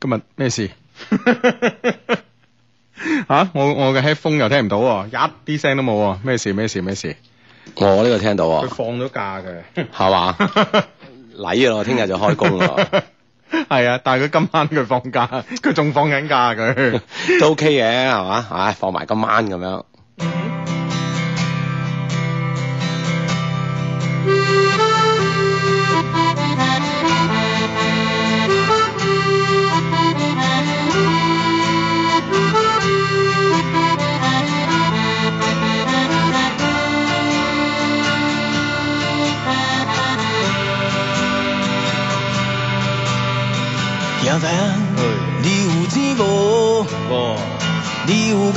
今日咩事？吓、 啊，我我嘅 headphone 又聽唔到、啊，一啲聲都冇、啊。咩事？咩事？咩事？我呢個聽到。啊。佢放咗假嘅，係嘛？禮啊，聽日就開工咯。係 啊，但係佢今晚佢放假，佢仲放緊假、啊，佢 都 OK 嘅、啊，係嘛？唉、哎，放埋今晚咁樣。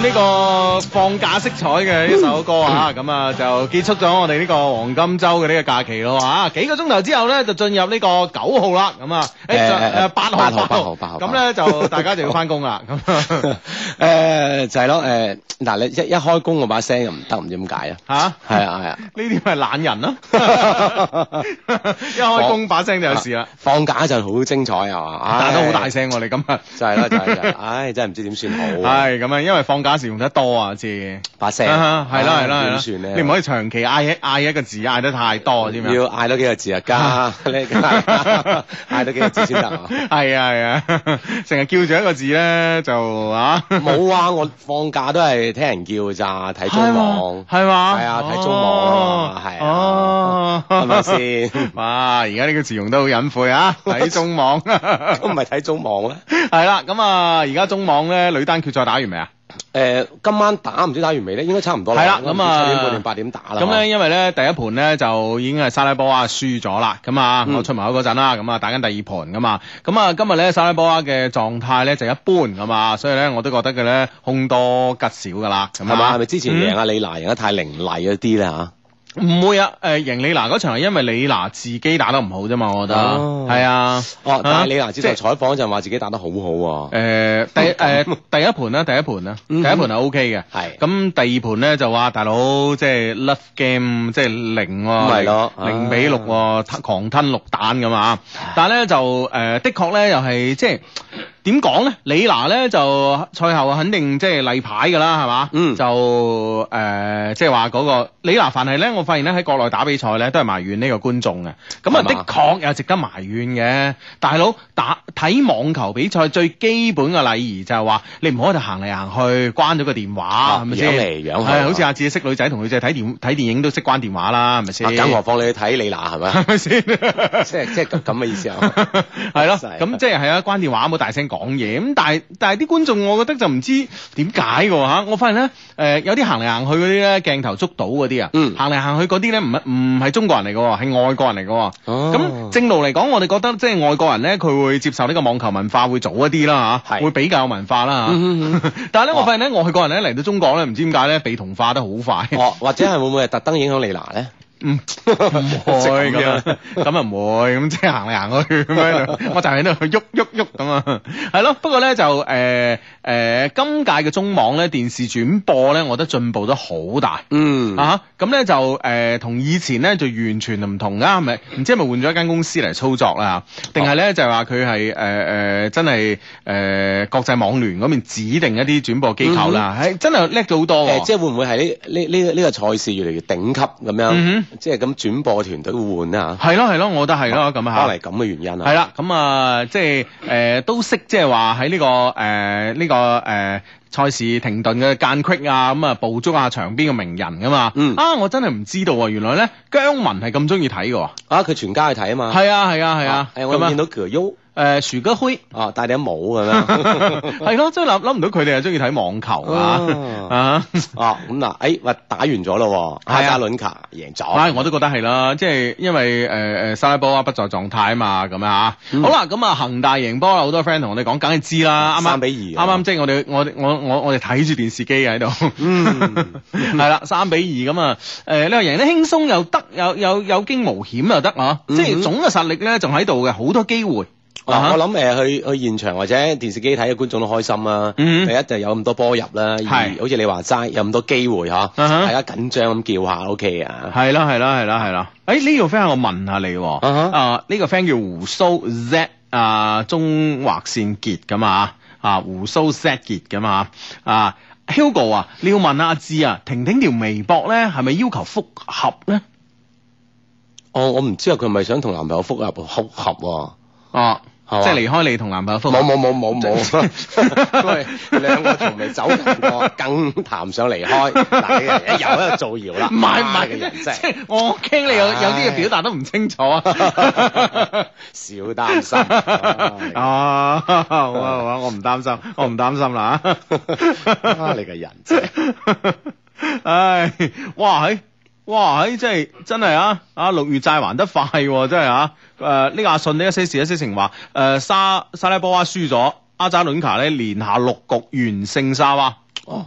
呢個放假色彩嘅呢首歌啊，咁啊就結束咗我哋呢個黃金周嘅呢個假期咯嚇、啊。幾個鐘頭之後咧，就進入呢個九號啦，咁啊，誒八號八號八號咁咧就大家就要翻工、欸、啦，咁誒就係咯，誒嗱你一一開工個把聲又唔得，唔知點解啊嚇，係啊係啊，呢啲咪懶人咯，一開工把聲就有事啦。放假一陣好精彩啊，嘛、哎，打都好大聲我哋咁啊，就係啦就係、是、啦、就是就是，唉真係唔知點算好、啊，係咁啊，因為放。假時用得多啊，字把聲，係啦係啦，點算咧？你唔可以長期嗌一嗌一個字，嗌得太多啲咩？要嗌多幾個字啊，加，嗌多幾個字先得。係啊係啊，成日叫住一個字咧，就嚇冇啊！我放假都係聽人叫咋，睇中網係嘛？係啊，睇中網啊嘛，係係咪先？哇！而家呢個詞用得好隱晦啊，睇中網都唔係睇中網咧。係啦，咁啊，而家中網咧女單決賽打完未啊？誒、呃，今晚打唔知打完未咧，應該差唔多啦。係啦的，咁啊七點半定八、啊、點打啦。咁咧、嗯，因為咧第一盤咧就已經係沙拉波娃輸咗啦，咁啊、嗯、我出門口嗰陣啦，咁啊打緊第二盤噶嘛。咁啊今日咧沙拉波娃嘅狀態咧就一般噶嘛，所以咧我都覺得佢咧凶多吉少噶啦，係嘛、啊？係咪之前贏阿李娜贏得太凌厲一啲咧吓？唔會啊！誒、呃，贏李娜嗰場係因為李娜自己打得唔好啫嘛，我覺得係、哦、啊。哦，但係李娜接受採訪即嗰陣話自己打得好好、啊、喎。誒、呃，第誒、呃、 第一盤啦，第一盤啦，第一盤係、嗯嗯、OK 嘅。係是。咁第二盤咧就話大佬即係 love game 即係零，係咯，零比六、啊，狂吞六蛋咁啊！但係咧就誒、呃，的確咧又係即係。點講咧？李娜咧就賽後肯定即係例牌噶啦，係嘛？嗯，就誒即係話嗰個李娜，凡係咧，我發現咧喺國內打比賽咧都係埋怨呢個觀眾嘅。咁啊的確有值得埋怨嘅。大佬打睇網球比賽最基本嘅禮儀就係話，你唔可以喺度行嚟行去，關咗個電話，係咪先？咁好似阿志識女仔同女仔睇睇電影都識關電話啦，係咪先？更何況你去睇李娜，係咪？係咪先？即係即係咁嘅意思啊？係咯，咁即係啊關電話，冇大聲講。講嘢咁，但係但係啲觀眾，我覺得就唔知點解嘅吓。我發現咧，誒、呃、有啲行嚟行去嗰啲咧，鏡頭捉到嗰啲啊，嗯、行嚟行去嗰啲咧，唔唔係中國人嚟嘅，係外國人嚟嘅。咁、哦、正路嚟講，我哋覺得即係外國人咧，佢會接受呢個網球文化會早一啲啦吓，啊、是會比較有文化啦吓。嗯、哼哼但係咧，哦、我發現咧，外國人咧嚟到中國咧，唔知點解咧被同化得好快。哦哦、或者係會唔會係特登影響李娜咧？唔會嘅，咁啊唔會咁即係行嚟行去咁 樣。我就喺度喐喐喐咁啊，係 咯。不過咧就誒。呃誒、呃，今屆嘅中網咧電視轉播咧，我覺得進步得好大。嗯，啊、就是，咁、呃、咧就誒、是，同以前咧就完全唔同啦，係、就、咪、是？唔知係咪換咗一間公司嚟操作啦，定係咧就係話佢係誒誒，真係誒國際網聯嗰邊指定一啲轉播機構啦？係真係叻咗好多。誒，即係會唔會係呢呢呢個賽事越嚟越頂級咁樣？即係咁轉播團隊會換啦吓。係咯係咯，我覺得係咯咁啊吓。都係咁嘅原因啊。係啦，咁啊，即係誒，都識即係話喺呢個誒呢個。呃就是個誒賽事停頓嘅間隙啊，咁啊捕捉下場邊嘅名人噶嘛，嗯、啊我真係唔知道，啊，原來咧姜文係咁中意睇嘅，啊佢全家去睇啊嘛，係啊係啊係啊，係、啊、我見到葛優。誒，薯哥輝啊，戴頂帽咁樣，係 咯， 即係諗諗唔到佢哋又中意睇網球啊，啊，哦，咁嗱，誒，喂，打完咗咯，啊，阿扎倫卡贏咗，係，啊啊，我都覺得係啦，即係因為誒誒、呃，沙拉波瓦不在狀態啊嘛，咁樣吓，啊，嗯、好啦，咁啊，恒大贏波啊，好多 friend 同我哋講，梗係知啦，啱啱三比二，啱啱即係我哋我我我我哋睇住電視機喺度， 嗯，係啦， 三比二咁啊，誒、呃，呢個贏得輕鬆又得，又又有驚無險又得啊，嗯、即係總嘅實力咧，仲喺度嘅，好多機會。嗱，uh huh. 我諗誒、呃，去去現場或者電視機睇嘅觀眾都開心啦、啊。Uh huh. 第一就有咁多波入啦，二好似是你話齋有咁多機會嗬，uh huh. 大家緊張咁叫下 O、okay、K 啊。係啦係啦係啦係啦。誒，呢、欸這個 friend 我問下你喎。啊，呢、uh huh. 啊這個 friend 叫胡鬚 Z 啊，中華善杰咁啊，啊胡鬚 Z 杰咁啊。啊，Hugo 啊，你要問阿志啊，婷婷條微博咧係咪要求復合咧？哦，我唔知啊，佢係咪想同男朋友復合合合？啊。Uh. 即係離開你同男朋友，冇冇冇冇冇，因為兩個仲未走過，更談上離開。但你又喺度造謠啦！唔係唔係，即是、哎、我傾你有有啲嘢表達得唔清楚，少擔心。哦、哎，好啊好啊，我唔擔心，我唔擔心啦。啊， 哎、你個人質，唉、 哎，哇嘿！哎哇！喺真係真係啊！啊六月債還得快，真係啊！誒，呢個阿信呢一些事一些情話，誒、啊，沙沙拉波娃輸咗，阿扎倫卡咧連下六局完勝沙娃、啊、哦。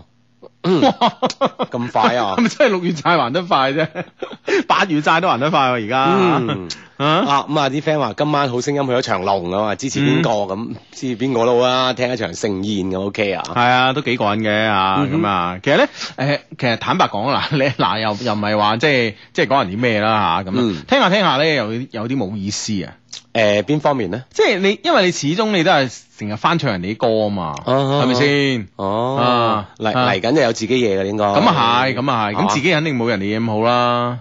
咁、嗯、快啊，咁咪 真係六月債還得快啫， 八月債都還得快喎！而家啊，咁、嗯、啊啲 friend 話今晚好聲音去咗長隆啊嘛，支持邊個咁？嗯、支持邊個都好啦，聽一場盛宴嘅 OK 啊？係啊，都幾過癮嘅啊！咁、嗯、啊，其實咧誒、呃，其實坦白講啦，你嗱又又唔係話即係即係講人啲咩啦吓咁，啊嗯、聽下聽下咧，又有啲冇意思啊！誒，邊、呃、方面咧？即係你，因為你始終你都係成日翻唱人哋啲歌啊嘛，係咪先？哦吧，嚟嚟緊就有自己嘢嘅應該咁、嗯、啊係咁啊係咁自己肯定冇人哋嘢咁好啦。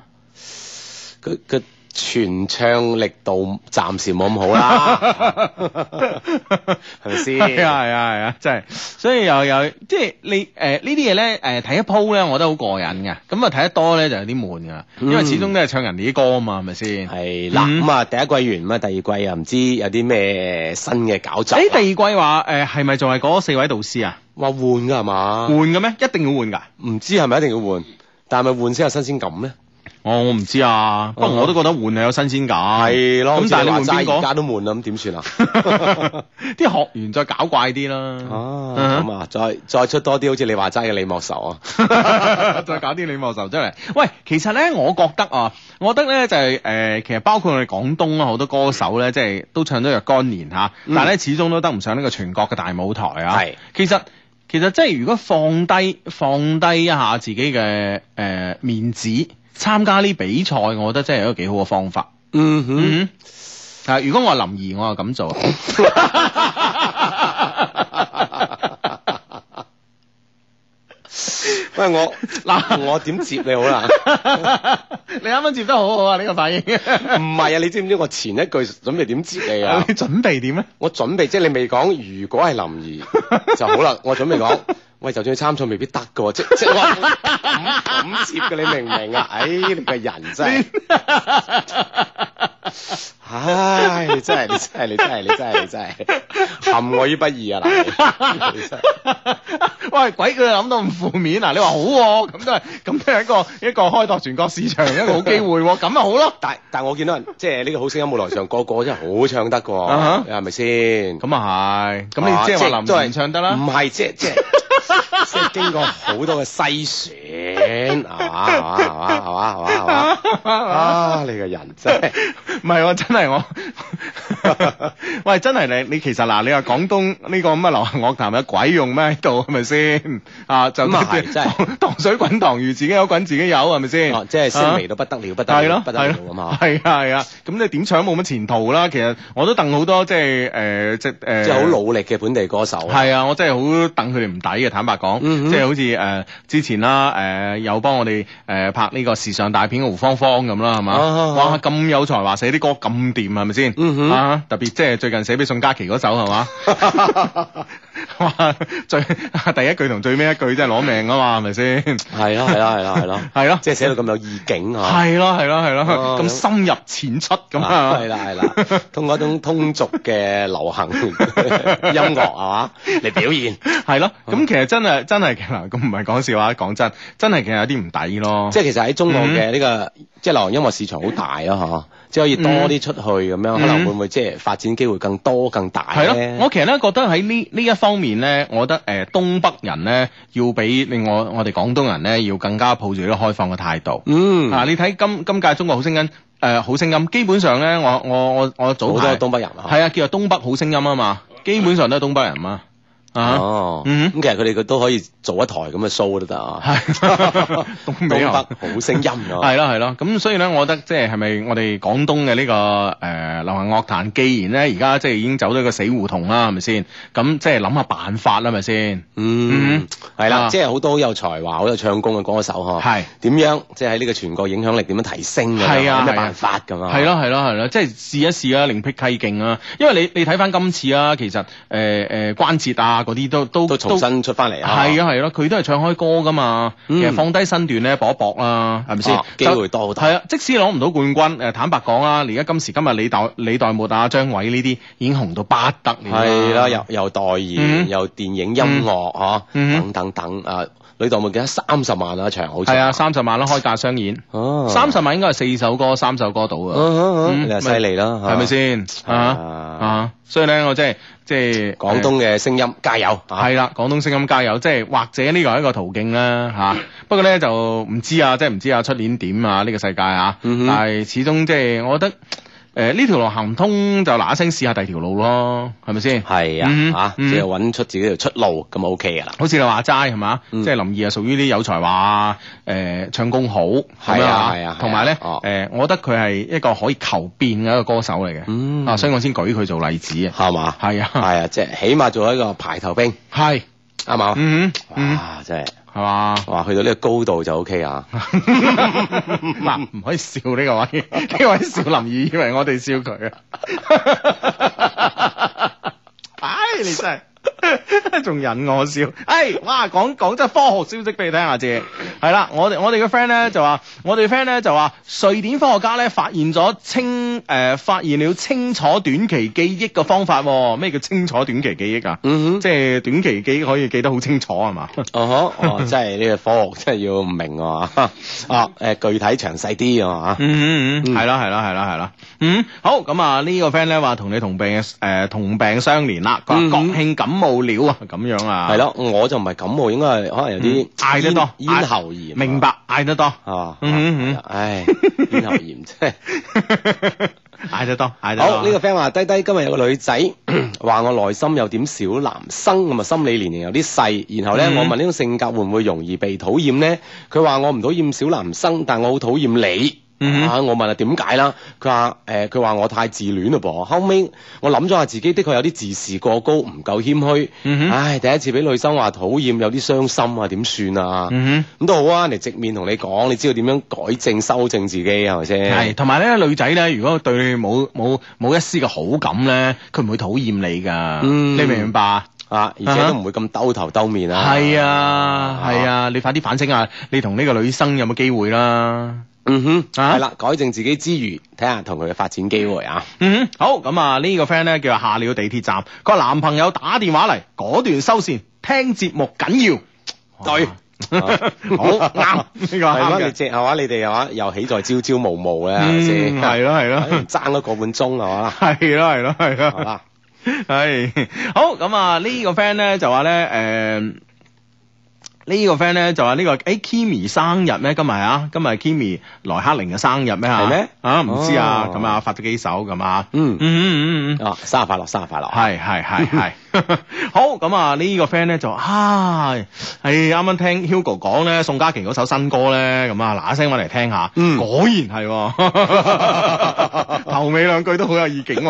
佢佢。傳唱力度暫時冇咁好啦，係咪先？係啊係啊，啊，啊真係。所以又有，有，即係你誒、呃、呢啲嘢咧誒睇一鋪咧，我覺得好過癮嘅。咁啊睇得多咧就有啲悶㗎，因為始終都係唱人哋啲歌啊嘛，係咪先？係啦。咁啊、嗯嗯、第一季完咁啊第二季又唔知有啲咩新嘅搞作？誒第二季話誒係咪仲係嗰四位導師啊？話換㗎係嘛？換嘅咩？一定要換㗎？唔知係咪一定要換？但係咪換先有新鮮感咧？哦、我我唔知啊，嗯、不過我都覺得換係有新鮮感、啊、咯。咁、嗯、好像 但係你話齋而家都悶啦，咁點算啊？啲 學員再搞怪啲啦。哦，咁啊，再再出多啲好似你話齋嘅李莫愁啊， 再搞啲李莫愁出嚟。喂，其實咧，我覺得啊，我覺得咧就係、是、誒、呃，其實包括我哋廣東啊，好多歌手咧，即、就、係、是、都唱咗若干年嚇，啊嗯、但係咧始終都登唔上呢個全國嘅大舞台啊。係是其實其實即係如果放低放低一下自己嘅誒、呃、面子。參加呢比賽，我覺得真係一個幾好嘅方法。Mm hmm. 嗯哼，啊！如果我係林儀，我就咁做。 喂，我嗱，我點接你好啦？ 你啱啱接得好好啊！呢個反應唔係 啊！你知唔知我前一句準備點接你啊？ 你準備點咧？我準備即係你未講，如果係林儀就好啦。我準備講。喂，就算去參賽未必得嘅喎，即即係話咁接嘅，你明唔明啊？哎，你個人真係，唉，真係，你真係，你真係，你真係，你真係，陷我於不義啊嗱！喂，鬼叫你諗到咁負面啊！你話好咁都係，咁都係一個一個開拓全國市場一個好機會，咁啊好咯！但但我見到人，即呢個好聲音舞台上個個真係好唱得嘅喎，係咪先？咁啊係，咁你即係話林係人唱得啦？唔係，即即。即係 經過好多嘅篩選，係嘛係嘛係嘛係嘛係嘛啊！你嘅人真係唔係我真係我。 喂，真係你你其實嗱、啊，你話廣東呢個咁嘅流行樂壇有鬼用咩喺度係咪先啊？就啲糖是 塘水滾塘魚，自己有滾自己有係咪先？即係鮮味到不得了，啊、不得了，不得咁啊！係啊係啊，咁、啊啊啊、你點唱冇乜前途啦？其實我都戥好多即係誒即誒，即係好、呃、努力嘅本地歌手。係 啊，我真係好戥佢哋唔抵嘅，坦白講，mm hmm. 即係好似誒、呃、之前啦誒、呃，有幫我哋誒拍呢個時尚大片嘅胡芳芳咁啦，係嘛？哇！咁有才華，寫啲歌咁掂係咪先？是特別即係最近寫俾宋嘉琪嗰首係嘛 ，最第一句同最尾一句真係攞命啊嘛，係咪先？係啦係啦係啦係啦，係咯 吧，即係寫到咁有意境啊。係咯係咯係咯，咁深入淺出咁啊，係啦係啦，通過一種通俗嘅流行音樂係嘛嚟表現，係咯。咁其實真係真係，嗱，咁唔係講笑話，講真，真係其實有啲唔抵咯。即係其實喺中國嘅呢個即係流行音樂市場好大啊，吓。即係可以多啲出去咁、嗯、樣，可能會唔會即係發展機會更多更大咧？係囉我其實咧覺得喺呢呢一方面咧，我覺得誒、呃、東北人咧要比另外我我哋廣東人咧要更加抱住一個開放嘅態度。嗯，啊你睇今今屆中國好聲音誒好、呃、聲音，基本上咧我我我我早好多東北人，係、嗯嗯、啊叫做東北好聲音啊嘛，基本上都係東北人啊嘛。哦、啊，嗯，咁其實佢哋都可以做一台咁嘅 show 都得啊，東北好聲音啊， 係咯係咯，咁所以咧，我覺得即係係咪我哋廣東嘅呢、這個誒、呃、流行樂壇，既然咧而家即係已經走咗一個死胡同啦，係咪先？咁即係諗下辦法啦，係咪先？嗯，係啦、嗯，即係好多好有才華、好有唱功嘅歌手呵，係點樣？即係喺呢個全國影響力點樣提升㗎？係啊，咩辦法咁啊？係咯係咯係咯，即係、就是、試一試啊，另闢蹊徑啊！因為你你睇翻今次啊，其實誒誒、呃呃、關節啊。嗰啲都都都重新出翻嚟啊！係啊係咯，佢、啊、都係唱開歌㗎嘛，嗯、其實放低身段咧搏一搏啊，係咪先？機會多好多。啊，即使攞唔到冠軍，誒、啊、坦白講啦、啊，而家今時今日李代李代沫啊、張偉呢啲已經紅到不得了、啊。係啦、啊，又又代言又、嗯、電影音樂呵、啊，等等等啊！嗯嗯你當記得三十萬一場，係啊三十萬啦，開價商演，三十萬應該係四首歌，三首歌到啊，犀利啦，係咪先啊啊！所以咧，我即係即係廣東嘅聲音，加油！係啦，廣東聲音加油！即係或者呢個係一個途徑啦，吓。不過咧就唔知啊，即係唔知啊，出年點啊？呢個世界啊，但係始終即係我覺得。誒呢條路行唔通，就嗱一聲試下第二條路咯，係咪先？係啊，嚇，即係揾出自己條出路咁 OK 嘅啦。好似你話齋係嘛，即係林二啊，屬於啲有才華誒，唱功好係啊，係啊，同埋咧誒，我覺得佢係一個可以求變嘅一個歌手嚟嘅，嗯，啊，所以我先舉佢做例子啊，係嘛，係啊，係啊，即係起碼做一個排頭兵，係，係嘛，嗯哇，真係。係嘛？哇！去到呢個高度就 OK 啊！嗱，唔可以笑呢個位，呢位少林以為我哋笑佢啊！唉，你真係～仲引我笑，哎，哇，講講真科學消息俾你聽下姐，係啦，我哋我哋個 friend 咧就話，我哋 friend 咧就話，瑞典科學家咧發現咗清誒，發現了清楚短期記憶嘅方法，咩叫清楚短期記憶啊？即係短期記憶可以記得好清楚係嘛？哦呵，即係呢個科學真係要明啊，啊，誒，具體詳細啲啊，嗯嗯嗯，係啦係啦係啦係啦，嗯，好，咁啊呢個 friend 咧話同你同病誒同病相憐啦，佢話國慶感冒。無聊啊，咁樣啊，係咯，我就唔係咁，應該係可能有啲嗌、嗯、得多咽喉炎、啊，明白嗌得， 得，得多啊，嗯嗯嗯，唉，咽喉炎即係嗌得多，嗌得多，呢、呢個 friend 話，低低今日有個女仔話我內心有點小男生，咁啊心理年齡有啲細，然後咧、嗯嗯、我問呢種性格會唔會容易被討厭咧？佢話我唔討厭小男生，但我好討厭你。嗯吓，uh huh. 我問下點解啦？佢話誒，佢話、呃、我太自戀嘞噃。後尾我諗咗下自己，的確有啲自視過高，唔夠謙虛。Uh huh. 唉，第一次俾女生話討厭，有啲傷心啊，點算啊？哼、uh，咁、huh. 都好啊，你直面同你講，你知道點樣改正、修正自己係咪先？係，同埋咧，女仔咧，如果對你冇冇冇一絲嘅好感咧，佢唔會討厭你噶。Uh huh. 你明唔明白啊？而且都唔、uh huh. 會咁兜頭兜面啊。係啊，係啊，啊，你快啲反省下，你同呢個女生有冇機會啦？嗯哼，係啦、mm hmm. 啊，改正自己之餘，睇下同佢嘅發展機會啊。嗯哼、mm，hmm. 好，咁啊呢個 friend 咧叫做下了地鐵站，個男朋友打電話嚟，果斷收線，聽節目緊要，啊、對， 好啱呢個下鳥地鐵係嘛？你哋又話又豈在朝朝暮暮係咪先，係咯係咯，爭咗個半鐘係嘛？係咯係咯係咯，係啦，係 好，咁啊呢個 friend 咧就話咧誒。呃個呢，、這個 friend 咧，、欸、就話呢個誒 Kimi 生日咩？今日啊，今日 Kimi 萊克玲嘅生日咩嚇？係咩嗎？啊唔知啊，咁啊、哦、啊發咗幾首咁啊。嗯嗯嗯嗯嗯。嗯嗯嗯啊，生日快樂，生日快樂。係係係係。 好，咁啊呢個 friend 咧就唉，係啱啱聽 Hugo 講咧宋嘉琪嗰首新歌咧，咁啊嗱一聲揾嚟聽下。嗯。果然係、啊， 頭尾兩句都好有意境。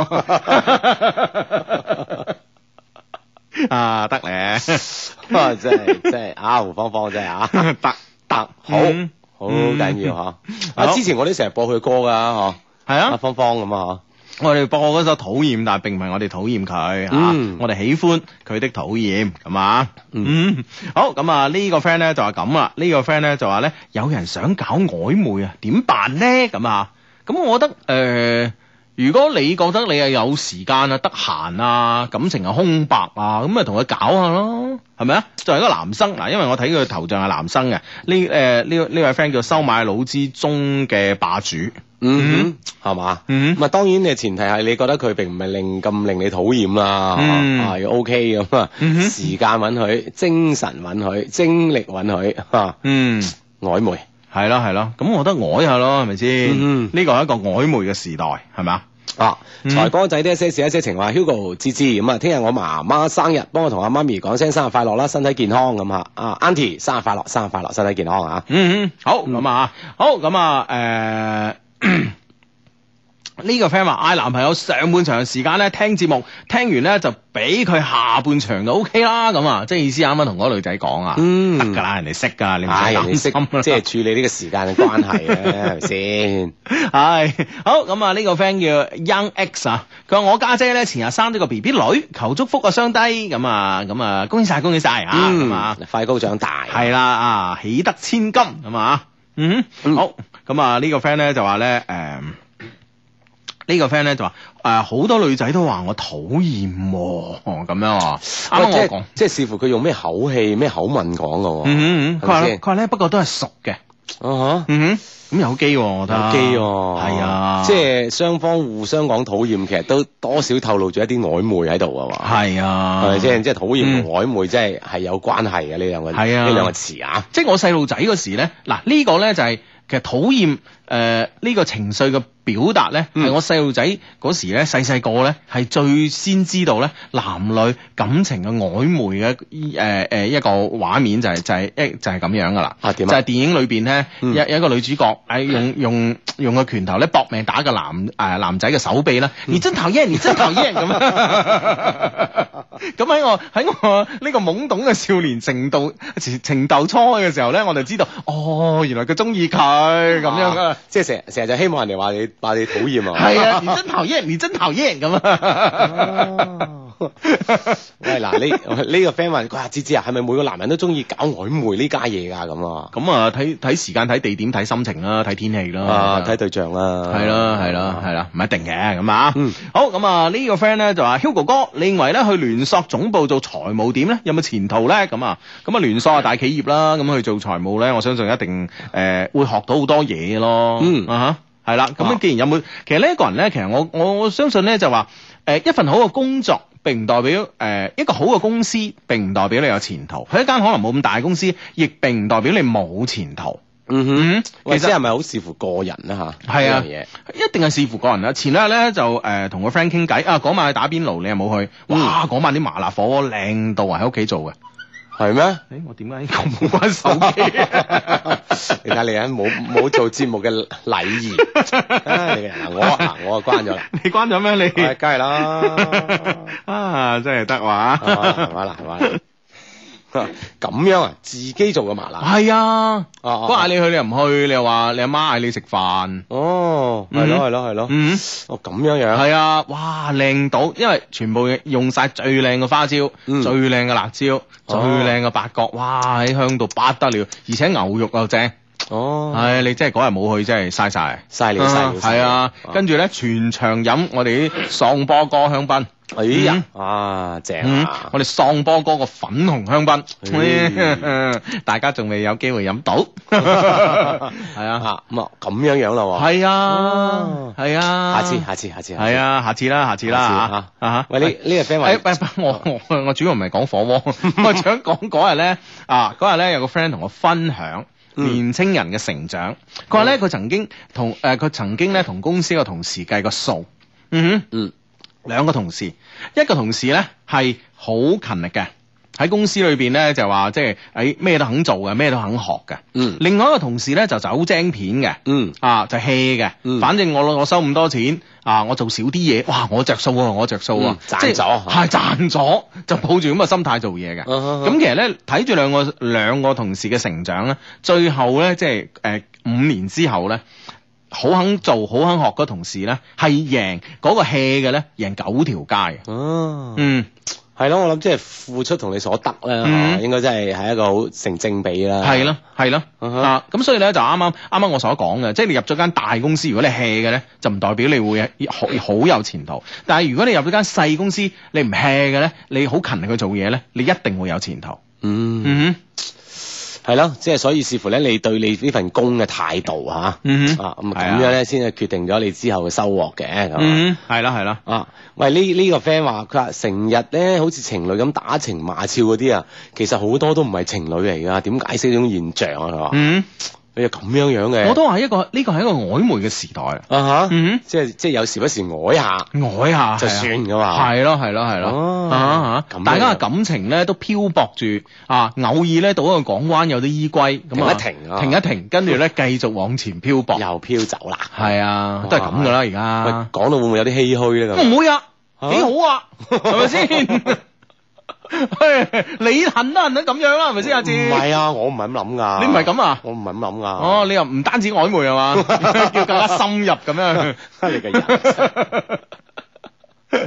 啊，得咧 啊，真係真係阿、啊、胡芳芳真係啊，得得 好、嗯啊、好緊要嗬。之前我哋成日播佢歌噶嗬，係啊，啊芳芳咁啊我哋播嗰首討厭，但係並唔係我哋討厭佢，吓、啊，嗯、我哋喜歡佢的討厭，咁啊。嗯，嗯，好。咁啊，呢、呢個 friend 咧就話咁啊，呢、呢個 friend 咧就話咧，有人想搞曖昧啊，點辦咧？咁啊，咁我覺得誒。呃如果你覺得你係有時間啊、得閒啊、感情啊空白啊，咁咪同佢搞下咯，係咪啊？作為一個男生，嗱，因為我睇佢頭像係男生嘅，呢誒呢呢位 friend 叫收買腦之中嘅霸主，嗯哼，係嘛吧，嗯哼，咪當然你嘅前提係你覺得佢並唔係令咁令你討厭啦，係 OK 咁啊，OK 嗯、哼時間允許、精神允許、精力允許啊，嗯，曖昧。係咯係咯，咁我覺得愛下咯，係咪先？呢個係一個曖昧嘅時代，係咪啊？啊！財哥仔啲一些事，一些情話，Hugo 知知。咁啊，聽日我媽媽生日，幫我同阿媽咪講聲生日快樂啦，身體健康咁吓。啊 Auntie 生日快樂，生日快樂，身體健康啊。嗯嗯，好咁、嗯、啊，好咁、嗯、啊，誒、啊。 呢個 friend 話嗌男朋友上半場時間咧聽節目，聽完咧就俾佢下半場就 OK 啦咁啊，即係意思啱啱同嗰個女仔講啊，得噶啦，人哋識噶，你唔識，人哋識即係處理呢個時間嘅關係啊，係咪先？係好咁啊！呢個 friend 叫 Young X，啊，佢話我家姐咧前日生咗個 BB 女，求祝福啊雙低咁啊咁啊，恭喜晒，恭喜晒。啊！嗯啊，快高長大，係啦啊，喜得千金咁啊，嗯好咁啊，呢個 friend 咧就話咧誒。呢個 friend 咧就話：誒好多女仔都話我討厭咁樣啊！啱啱我講，即係視乎佢用咩口氣、咩口吻講咯。嗯嗯佢話佢話咧，不過都係熟嘅。啊哈！嗯咁有機喎，我覺得。有機喎，係啊！即係雙方互相講討厭，其實都多少透露咗一啲曖昧喺度啊！喎，係啊，係咪先？即係討厭同曖昧，即係係有關係嘅呢兩個呢兩個詞啊！即係我細路仔嗰時咧，嗱呢個咧就係其實討厭。誒，呢、呃，這個情緒嘅表達咧，係我細路仔時咧，細細個咧係最先知道咧男女感情嘅曖昧嘅，誒誒一個畫面就係就係一就係咁樣噶啦。就係、是就是啊啊、電影裏邊咧，有、嗯、有一個女主角，誒用用用個拳頭咧搏命打個男誒、呃、男仔嘅手臂啦，而、嗯、真頭一人，你真頭一人咁。咁喺、嗯、 我喺我呢個懵懂嘅少年程度情情竇初開嘅時候咧，我就知道，哦，原來佢中意佢咁樣。 即係成日成日就希望人哋話你話你討厭啊！係 啊，你真討厭，你真討厭咁啊！喂嗱，呢呢個 friend 話：，哇，志志啊，係咪每個男人都中意搞曖昧呢家嘢㗎？咁咁啊，睇睇時間、睇地點、睇心情啦，睇天氣啦，啊，睇對象啦，係啦，係啦，係啦，唔一定嘅咁啊。好咁啊，呢個 friend 咧就話：，Hugo 哥，你認為咧去聯塑總部做財務點咧？有冇前途咧？咁啊，咁啊，聯塑啊大企業啦，咁去做財務咧，我相信一定誒會學到好多嘢咯。嗯啊，係啦。咁啊，既然有冇，其實呢一個人咧，其實我我我相信咧就話，誒，一份好嘅工作。並唔代表誒、呃、一個好嘅公司，並唔代表你有前途。佢一間可能冇咁大嘅公司，亦並唔代表你冇前途。嗯哼，其實係咪好視乎個人咧嚇？係啊，啊一定係視乎個人啦、啊。前兩日咧就誒同個 friend 傾偈啊，嗰晚去打邊爐，你有冇去？哇，嗰晚啲麻辣火鍋靚到啊，喺屋企做嘅。係咩？誒是，我點解我冇關手機？你睇你睇冇冇做節目嘅禮儀？啊， 我我啊關咗啦！你關咗咩？你梗係啦！ 啊，真係得喎！好啦，好啦。好咁樣啊，自己做嘅麻辣係啊，啊，啊，啊，哥嗌你去你又唔去，你又話你阿媽嗌你食飯，哦，係咯係咯係咯，嗯嗯、哦咁樣樣，係啊，哇靚到，因為全部用晒最靚嘅花椒，嗯、最靚嘅辣椒，最靚嘅八角，哦、哇喺香度八得了，而且牛肉又正。哦，係你真係嗰日冇去，真係嘥晒，嘥你嘥你，係啊，跟住咧全場飲我哋啲喪波哥香檳，哎呀，啊正啊，我哋喪波哥個粉紅香檳，大家仲未有機會飲到，係啊，咁啊咁樣樣咯，係啊，係啊，下次下次下次，係啊，下次啦，下次啦吓，吓，喂你呢個 friend 我我主要唔係講火鍋，我想講嗰日咧，啊嗰日咧有個 friend 同我分享。年青人嘅成長，佢話咧佢曾經同誒佢、呃、曾經咧同公司嘅同事計個數，嗯哼，嗯，兩個同事，一個同事咧係好勤力嘅。喺公司裏邊咧就話即係誒咩都肯做嘅，咩都肯學嘅。嗯，另外一個同事咧就走精片嘅。嗯，啊就 hea 嘅。嗯，反正我我收咁多錢，啊我做少啲嘢，哇我着數啊我着數啊，嗯、即係賺咗係賺咗，就抱住咁嘅心態做嘢嘅。咁、啊、其實咧睇住兩個兩個同事嘅成長咧，最後咧即係誒、呃、五年之後咧，好肯做好肯學嘅同事咧係贏，嗰個 hea 嘅咧贏九條街。哦，嗯。嗯係咯，我諗即係付出同你所得咧，嗯、應該真係係一個好成正比啦。係咯，係咯，嗱、uh，咁、huh. 所以咧就啱啱啱啱我所講嘅，即係你入咗間大公司，如果你 hea 嘅咧，就唔代表你會好好有前途。但係如果你入咗間細公司，你唔 hea 嘅咧，你好勤力去做嘢咧，你一定會有前途。嗯。嗯哼係咯，即係所以視乎咧你對你呢份工嘅態度嚇，啊咁、嗯、哼樣咧先係決定咗你之後嘅收穫嘅，咁係咯係咯。嗯、啊，喂、這個、呢呢個 friend 話佢話成日咧好似情侶咁打情罵俏嗰啲啊，其實好多都唔係情侶嚟㗎，點解釋呢種現象啊？佢話嗯。你又咁樣樣嘅，我都話一個呢個係一個曖昧嘅時代啊！吓，即係即係有時不時曖下，曖下就算噶嘛，係咯係咯係咯，啊吓，大家嘅感情咧都漂泊住啊，偶爾咧到一個港灣有啲依歸，停一停，停一停，跟住咧繼續往前漂泊，又漂走啦，係啊，都係咁噶啦而家。講到會唔會有啲唏噓咧？咁唔會啊，幾好啊，係咪先？哎、你恨都恨得咁樣啦，係咪先？阿志唔係啊，我唔係咁諗噶。你唔係咁啊？我唔係咁諗噶。哦，你又唔單止曖昧係嘛？叫 更加深入咁樣。 你嘅的人。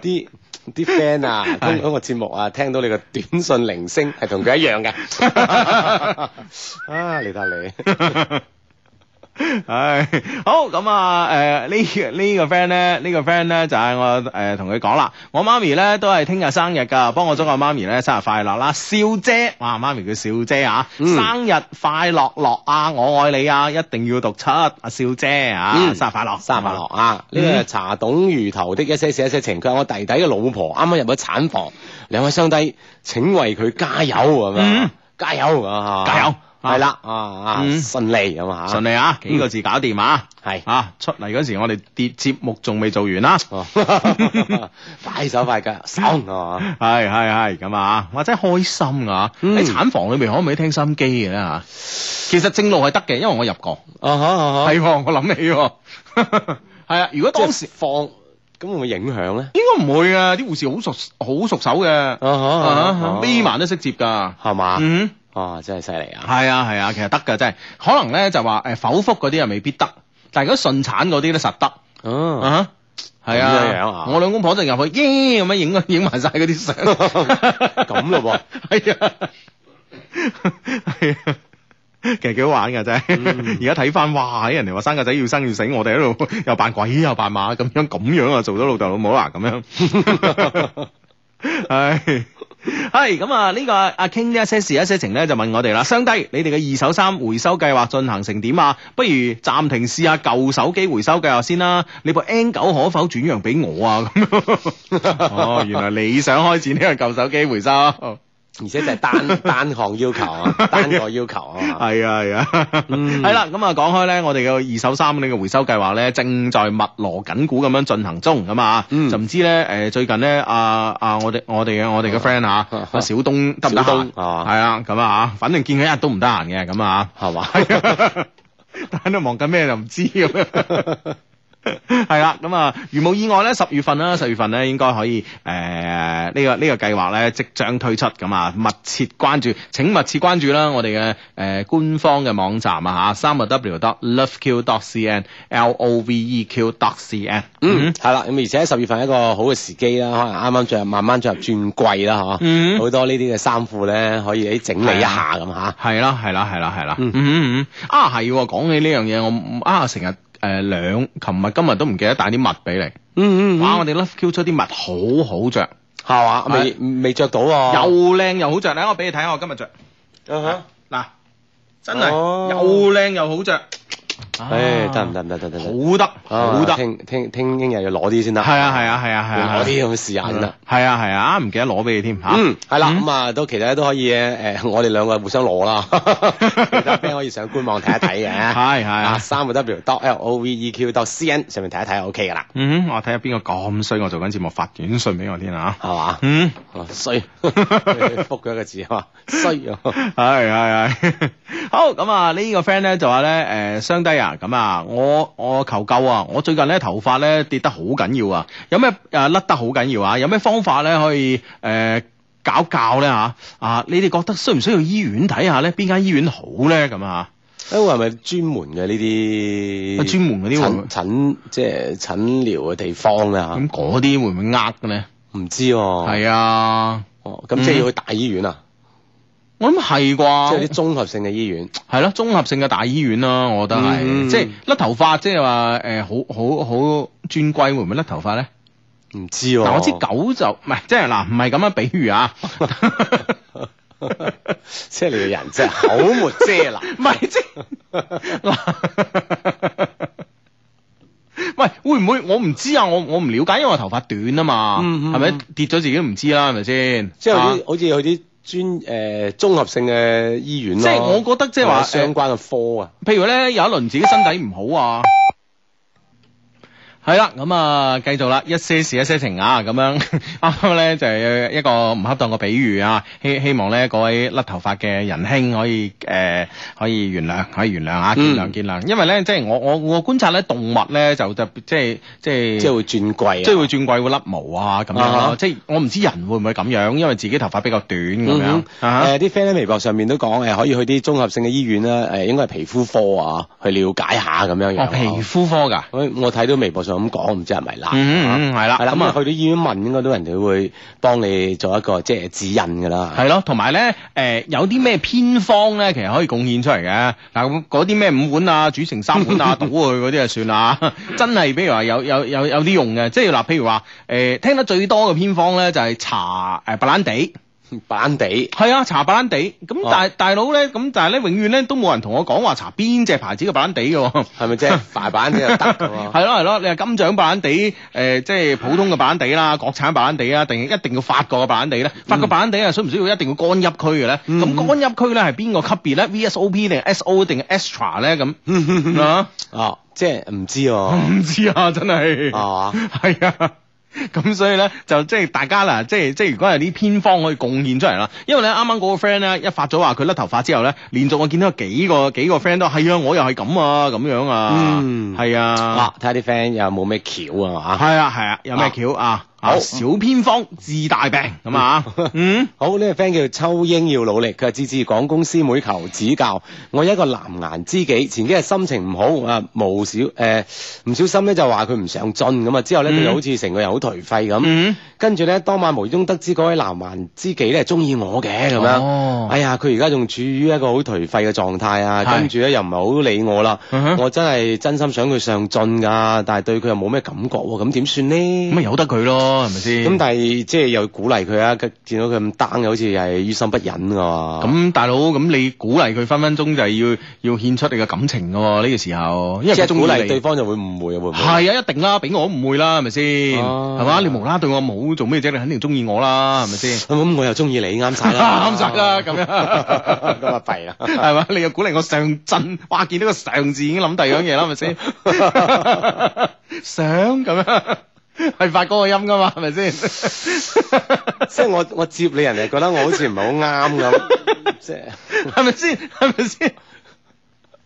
啲啲 friend 啊，咁嗰 個節目啊，聽到你嘅短信鈴聲係同佢一樣嘅。 啊，你達你。 唉、哎，好咁啊！誒、呃，這個這個、呢、這個、呢個 friend 咧，呢個 friend 咧就係、是、我誒同佢講啦。我媽咪咧都係聽日生日噶，幫我祝我媽咪咧生日快樂啦！笑姐，啊媽咪叫笑姐啊，嗯、生日快樂樂啊，我愛你啊，一定要讀七啊，笑姐啊，生日快樂，生日快樂啊！呢個、嗯啊、茶董魚頭的一些事一些情，佢係我弟弟嘅老婆，啱啱入咗產房，兩位兄弟，請為佢加油，係咪加油，加油！係啦， 啊順利啊，順利咁啊，順利啊，呢、幾個字搞掂啊，係啊， 出嚟嗰時我哋節節目仲未做完啦，快手快腳，手，啊，係係係咁啊，或者開心啊，喺、嗯、產房裏面可唔可以聽心機嘅咧吓？其實正路係得嘅，因為我入過，啊哈係我諗起喎，係啊，如果當時放，咁會唔會影響咧？應該唔會啊，啲護士好熟好熟手嘅，眯埋都識接噶，係嘛？嗯。哦、啊，真係犀利啊！係啊係啊，其實得噶，真係。可能咧就話誒、呃、剖腹嗰啲又未必得，但係如果順產嗰啲咧實得。哦 uh、huh，嗯啊，係啊。我兩公婆就入去，咦咁樣影影埋晒嗰啲相。咁咯噃。係啊。係。其實幾好玩噶真。而家睇翻，哇！人哋話生個仔要生要死，我哋喺度又扮鬼又扮馬，咁樣咁樣啊，做到老豆老母啊，咁樣。係。係咁 啊！呢、這個阿、啊、King 一些事一些情咧，就問我哋啦。兄弟，你哋嘅二手衫回收計劃進行成點啊？不如暫停試下舊手機回收計劃先啦。你部 N 九可否轉讓俾我啊？咁 哦，原來你想開始呢個舊手機回收。 而且就係單 單項要求啊， 單個要求啊，係啊係啊，嗯，係啦，咁啊講開咧，我哋嘅二手衫呢個回收計劃咧，正在密鑼緊鼓咁樣進行中咁啊， 就唔知咧誒最近咧阿阿我哋我哋嘅我哋嘅 friend 啊，阿小東得唔得啊？係啊，咁啊嚇，反正見佢一日都唔得閒嘅咁啊嚇，係啊， 但係都忙緊咩就唔知咁。 係啦，咁啊，如冇意外咧，十月份啦，十月份咧，應該可以誒，呢個呢個計劃咧，即將推出。咁啊，密切關注，請密切關注啦，我哋嘅誒官方嘅網站啊吓，三 w dot loveq dot cn，l o v e q dot cn，係啦，咁而且十月份係一個好嘅時機啦，可能啱啱進入慢慢進入轉季啦，嗬，好多呢啲嘅衫褲咧，可以喺整理一下咁吓，係啦係啦係啦係啦，嗯嗯啊，係，講起呢樣嘢，我啊成日。誒，兩琴、呃、日今日都唔記得帶啲襪俾你，嗯,嗯嗯，哇，我哋 love Q 出啲襪好好着，係嘛，未未着到，啊，啊又靚又好着，等我俾你睇，下，我,看看我今日着，uh huh. 啊吓，嗱，真係、oh. 又靚又好着。誒，得唔得？得得得，好得，好得。聽聽聽，聽日要攞啲先得。係啊，係啊，係啊，係啊。攞啲咁嘅試下啦。係啊，係啊，唔、啊啊啊、記得攞俾你添吓。啊、嗯，係啦，咁啊，都、嗯嗯、其實都可以誒、呃，我哋兩個互相攞啦。 其他 friend 可以上官網睇一睇嘅、啊。係係。 三個、啊啊、W L O V E Q 到 C N 上面睇一睇就 OK 噶啦。嗯，我睇下邊個咁衰，我做緊節目發短信俾我添啊，係嘛吧？嗯，衰、啊。覆咗 一個字啊嘛，衰啊。係係係。 好，咁啊，呢、這個 friend 咧就話咧，誒、呃，相。低啊，咁啊，我我求救啊，我最近咧頭髮咧跌得好緊要啊，有咩誒甩得好緊要啊？有咩方法咧可以誒、呃、搞教咧吓？啊，你哋覺得需唔需要醫院睇下咧？邊間醫院好咧？咁啊？誒係咪專門嘅呢啲專門嗰啲診診即係診療嘅地方啊？咁嗰啲會唔會呃嘅咧？唔知，係啊，啊哦，咁即係要去大醫院啊？嗯我諗係啩，即係啲綜合性嘅醫院係咯，綜 合性嘅大醫院啦，啊，我覺得係，嗯，即係甩頭髮，即係話誒，好好好，尊貴會唔會甩頭髮咧？唔知、啊，但我知狗就唔係，即係嗱，唔係咁樣比喻啊，啊啊 即係你個人真係好沒遮攔，唔係即係，唔係會唔會？我唔知啊，我我唔了解，因為我頭髮短啊嘛，係咪跌咗自己都唔知啦，係咪先？即係好似佢啲。啊 專誒綜合性嘅醫院咯，即係我覺得即係話相關嘅科啊、呃，譬如咧有一輪自己身體唔好啊。係啦，咁啊，繼續啦，一些事，一些情啊，咁樣啱啱咧就係、是、一個唔恰當嘅比喻啊，希希望咧，各位甩頭髮嘅仁兄可以誒、呃，可以原諒，可以原諒啊，見諒見諒。因為咧，即係我我我觀察咧，動物咧就特別即係即係即係會轉季，即係會轉季、啊、會甩毛啊咁樣咯。啊、即係我唔知人會唔會咁樣，因為自己頭髮比較短咁、嗯嗯、樣。誒、啊，啲 friend 喺微博上面都講，誒，可以去啲綜合性嘅醫院啦，誒，應該係皮膚科啊，去了解下咁樣樣。皮膚科噶？我睇到微博上。咁講唔知係咪啦，係啦、嗯，係、嗯、啦。咁去到醫院問，應該都人哋會幫你做一個即係、就是、指引噶啦。係咯，同埋咧，誒、呃、有啲咩偏方咧，其實可以貢獻出嚟嘅。嗱，咁嗰啲咩五碗啊，煮成三碗啊，倒去嗰啲啊算啦。 真係，比如話有有有有啲用嘅，即係嗱，譬如話誒聽得最多嘅偏方咧，就係、是、搽誒白、呃、蘭地。板地係啊，查板地咁，但係大佬咧，咁、啊、但係咧，永遠咧都冇人同我講話查邊隻牌子嘅板地嘅，係咪即係大板啲啊？係咯係咯，你話金獎板地誒、呃，即係普通嘅板地啦，國產板地啊，定一定要法國嘅板地咧？法國、嗯、板地啊，需唔需要一定要干邑區嘅咧？咁干邑區咧係邊個級別咧？VSOP 定 SO 定 Extra 咧？咁 啊，啊即係唔知、哦，唔知啊，真係啊，係啊。 咁所以咧，就即係大家嗱，即係即係，如果係啲偏方可以貢獻出嚟啦。因為咧，啱啱嗰個 friend 咧一發咗話佢甩頭髮之後咧，連續我見到幾個幾個 friend 都係啊，我又係咁啊，咁樣啊，樣啊嗯，係啊，嗱，睇下啲 friend 有冇咩橋啊吓，係啊係啊，有咩橋啊？啊好小偏方治大病咁嘛？嗯，好呢個 friend 叫秋英，要努力。佢話次次講公師妹求指教。我有一個藍顏知己，前幾日心情唔好啊，無小誒唔小心咧就話佢唔上進咁啊。之後咧佢就好似成個人好頹廢咁。跟住咧當晚無意中得知嗰位藍顏知己咧中意我嘅咁樣。哎呀，佢而家仲處於一個好頹廢嘅狀態啊！跟住咧又唔係好理我啦。我真係真心想佢上進噶，但係對佢又冇咩感覺咁，點算呢？咁咪由得佢咯。係咪先？咁、嗯、但係即係又鼓勵佢啊！見到佢咁 down，又好似係於心不忍噶。咁、嗯、大佬，咁、嗯、你鼓勵佢分分鐘就係要要獻出你嘅感情噶喎呢個時候，因為是鼓勵對方就會誤會，會唔會？係啊，一定啦，俾我都誤會啦，係咪先？係嘛、啊，你無啦啦對我冇做咩啫？你肯定中意我啦，係咪先？咁、啊嗯、我又中意你，啱晒啦，啱晒、 啊、啦，咁樣咁啊弊啦，係嘛？你又鼓勵我上進，哇！見到個上字已經諗第二樣嘢啦，係咪先？想咁樣。係 發嗰個音噶嘛，係咪先？ 即係我我接你人哋覺得我好似唔係好啱咁，即係，係咪先？係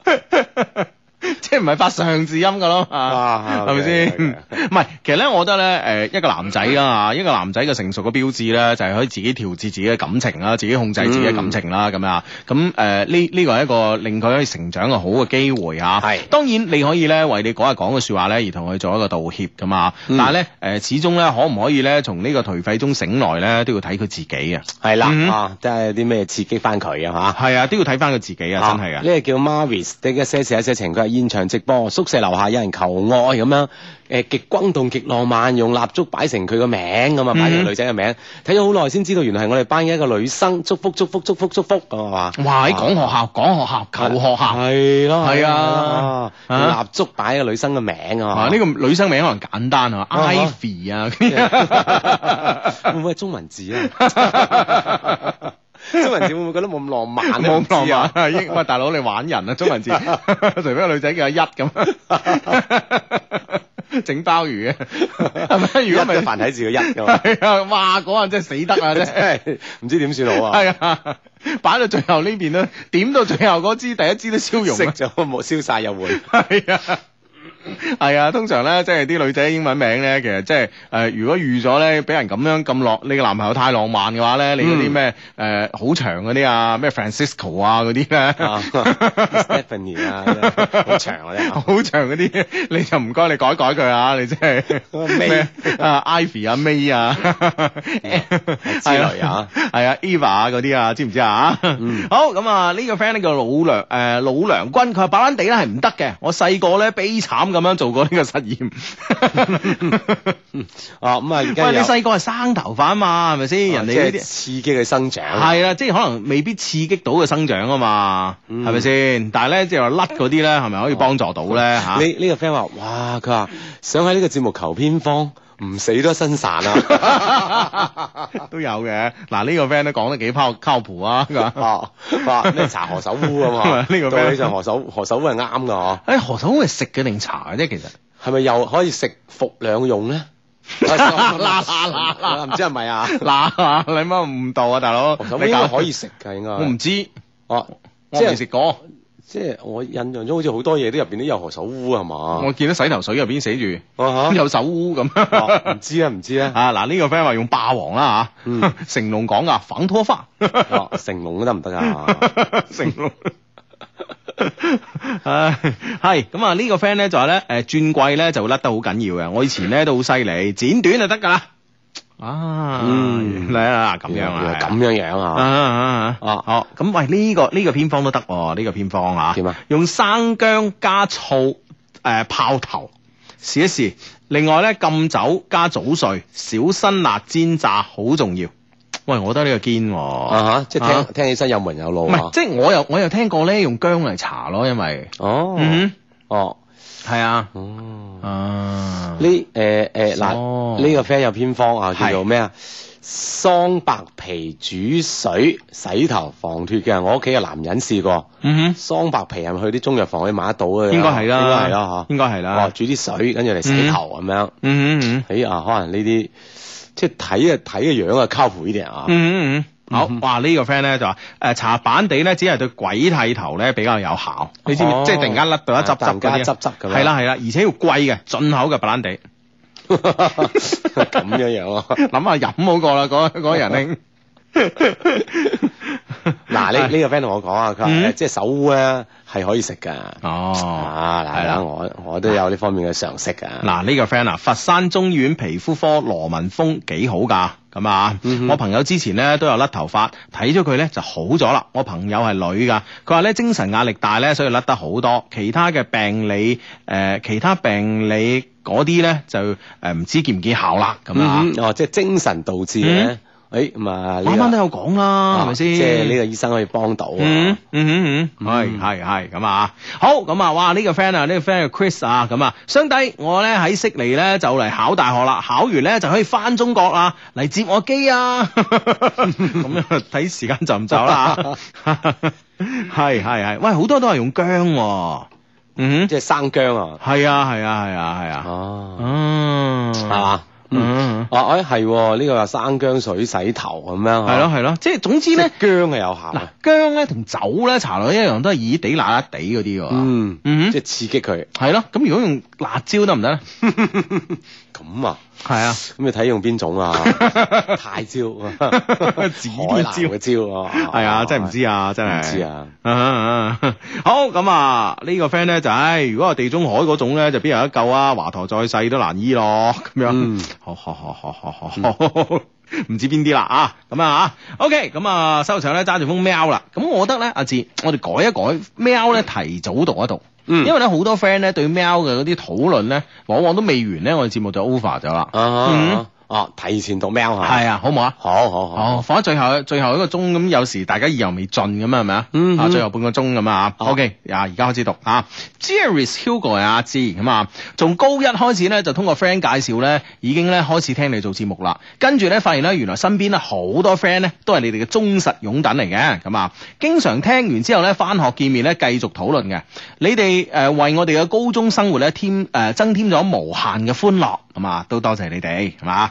咪先？ 即係唔係發上字音噶咯？係咪先？唔係，其實咧，我覺得咧，誒，一個男仔啊，一個男仔嘅成熟嘅標誌咧，就係可以自己調節自己嘅感情啦，自己控制自己嘅感情啦，咁樣。咁誒，呢呢個係一個令佢可以成長嘅好嘅機會啊。係，當然你可以咧，為你嗰日講嘅說話咧，而同佢做一個道歉噶嘛。但係咧，誒，始終咧，可唔可以咧，從呢個頹廢中醒來咧，都要睇佢自己啊。係啦，啊，即係有啲咩刺激翻佢啊？吓，係啊，都要睇翻佢自己啊，真係啊。呢個叫 Marvis，v 即係寫寫寫情歌。現場直播宿舍樓下有人求愛咁樣，誒、呃、極轟動極浪漫，用蠟燭擺成佢個名咁啊，擺成女仔嘅名。睇咗好耐先知道，原來係我哋班嘅一個女生。祝福祝福祝福祝福，係嘛？啊、哇！喺講學校講學校求學校，係咯，係啊，啊啊蠟燭擺一個女生嘅名啊，呢、啊呢個女生名可能簡單啊，Ivy 啊，會唔會係中文字啊？ 中文字會唔會覺得冇咁浪漫？冇咁浪漫，啊啊 大，大佬你玩人啊！中文字，除 非個女仔叫阿一咁，整鮑魚啊， 係咪？如果唔係繁體字嘅一,一， 嘅哇嗰下真係死得 啊！真係唔知點算好啊！係啊，擺到最後呢邊啦，點到最後嗰支 第一支都燒融，啊，食咗冇燒晒又會 嗯。係啊。係啊，通常咧，即係啲女仔英文名咧，其實即係誒，如果預咗咧，俾人咁樣咁落。你個男朋友太浪漫嘅話咧，你嗰啲咩誒好長嗰啲啊，咩 Francisco 啊嗰啲咧 Stephanie 啊，好長嗰啲，好長嗰啲，你就唔該你改改佢啊，你即係咩啊 Ivy 啊 May 啊之類啊，係啊 Eva 嗰啲啊，知唔知啊？好，咁啊呢個 friend 咧叫老梁誒老梁君，佢話白蘭地咧係唔得嘅，我細個咧悲慘。咁咁樣做過呢個實驗 啊！咁啊，喂，你細個係生頭髮嘛，係咪先？啊、人哋刺激佢生長係啦，即係可能未必刺激到佢生長啊嘛，係咪先？但係咧，即係話甩嗰啲咧，係咪可以幫助到咧嚇哇、啊？你呢個 friend 話，哇，佢話想喺呢個節目求偏方。唔死都身散 都、這個、都得啊，都有嘅。嗱呢個 friend 都講得幾拋靠譜啊。哦，話咩茶何首烏啊嘛？呢 個就 fan 何首何首烏係啱噶嗬。誒，何首烏係食嘅定茶嘅啫，其實係咪又可以食服兩用咧？唔知係咪啊？嗱、啊 啊，你乜誤導啊，大佬？何首烏可以食噶，應該我唔知，我我未食過。即係我印象中，好似好多嘢都入邊都有何首烏啊，係嘛？我見到洗頭水入邊死住，uh huh. 有首烏咁，唔、哦、知咧、啊，唔知咧、啊。啊嗱，呢、這個 friend 話用霸王啦、啊、吓，嗯、成龍講噶反拖花，哦、成龍都得唔得啊？ 成龍龍，係 咁 啊？個呢個 friend 咧就話咧，誒，轉季咧就甩得好緊要嘅。我以前咧都好犀利，剪短就得噶啦。啊，嗯，嚟啦，咁樣啊，咁樣樣啊，哦、啊，哦、啊，咁喂，呢、這個呢、這個偏方都得哦，呢、這個偏方啊，點、嗯、啊？用生薑加醋，誒、呃，泡頭試一試。另外咧，禁酒加早睡、少辛辣煎炸，好重要。喂，我覺得呢個堅、啊，啊吓，即係聽、啊、聽起身有門有路、啊。唔係，即係我又我又聽過咧，用薑嚟搽咯，因為哦，啊、嗯，哦、啊。係啊，哦，呢誒誒嗱，呢個 friend 有偏方啊，叫做咩啊？桑白皮煮水洗頭防脫嘅，我屋企嘅男人試過。嗯哼，桑白皮係咪去啲中藥房可以買得到啊？應該係啦，應該係咯，應該係啦。哦，煮啲水跟住嚟洗頭咁樣。嗯嗯嗯，哎呀，可能呢啲即係睇啊睇嘅樣啊，靠譜啲啊。嗯嗯嗯。好，哇！呢、這個 friend 咧就話，誒，茶板地咧只係對鬼剃頭咧比較有效，哦、你知唔知？即係突然間甩到一執執嗰啲，係啦係啦，而且要貴嘅進口嘅白蘭地。咁樣樣啊？諗下飲好過啦，嗰人兄。嗱、嗯，呢呢個 friend 同我講啊，佢話即係手污咧係可以食噶。哦，啊，係啦，我我都有呢方面嘅常識噶、啊。嗱、啊，呢、啊這個 friend 啊，佛山中院皮膚科羅文峰幾好噶。係嘛？嗯、我朋友之前咧都有甩頭髮，睇咗佢咧就好咗啦。我朋友係女噶，佢話咧精神壓力大咧，所以甩得好多。其他嘅病理誒、呃，其他病理嗰啲咧就誒唔知見唔見效啦。咁啊、嗯、哦，即係精神導致嘅、嗯。誒，咁啊，啱啱都有講啦，係咪先？即係呢個醫生可以幫到啊！嗯嗯嗯，係係係咁啊！好，咁啊，哇，呢個 friend 啊，呢個 friend 叫 Chris 啊，咁啊，兄弟，我咧喺悉尼咧就嚟考大學啦，考完咧就可以翻中國啦，嚟接我機啊！咁樣，睇時間就唔走啦。係係係，喂，好多都係用薑，嗯，哼，即係生薑啊。係啊係啊係啊係啊。哦，嗯，係嘛。.嗯，嗯嗯啊，誒、哎，係，呢個話生薑水洗頭咁樣，係咯係咯，即係總之咧，薑係有效。嗱，薑咧同酒咧、茶類一樣，都係熱地辣辣地嗰啲嘅。嗯嗯，嗯哼即係刺激佢。係咯，咁如果用辣椒得唔得咧？ 咁啊，係啊，咁你睇用邊種啊？太 招，指天椒嘅招，係啊，真係唔知啊，真係唔知啊。啊啊，好，咁啊，這個、呢個 friend 咧就係，如果係地中海嗰種咧，就邊有得救啊？華佗再世都難醫咯，咁樣，好好好好好好，唔 知邊啲啦啊，咁啊，OK，咁啊，收場咧揸住封喵啦，咁我覺得咧，阿、啊、志，我哋改一改喵咧，提早讀一讀。因為咧好多 friend 咧對喵嘅嗰啲討論咧，往往都未完咧，我哋節目就 over 咗啦。啊、哈嗯、啊哦，提前讀喵吓，係啊，好唔好啊？好好好，哦、放喺最後，最後一個鐘咁，有時大家意猶未盡咁啊，係咪啊？嗯嗯、啊，最後半個鐘咁、哦、啊，OK 啊，而家開始讀啊 Jared Hugo 係阿志咁啊，從高一開始咧就通過 friend 介紹咧，已經咧開始聽你做節目啦，跟住咧發現咧原來身邊咧好多 friend 咧都係你哋嘅忠實擁躉嚟嘅，咁啊，經常聽完之後咧翻學見面咧繼續討論嘅，你哋誒、呃、為我哋嘅高中生活咧添誒、呃、增添咗無限嘅歡樂，咁啊，都多謝你哋，係、啊、嘛？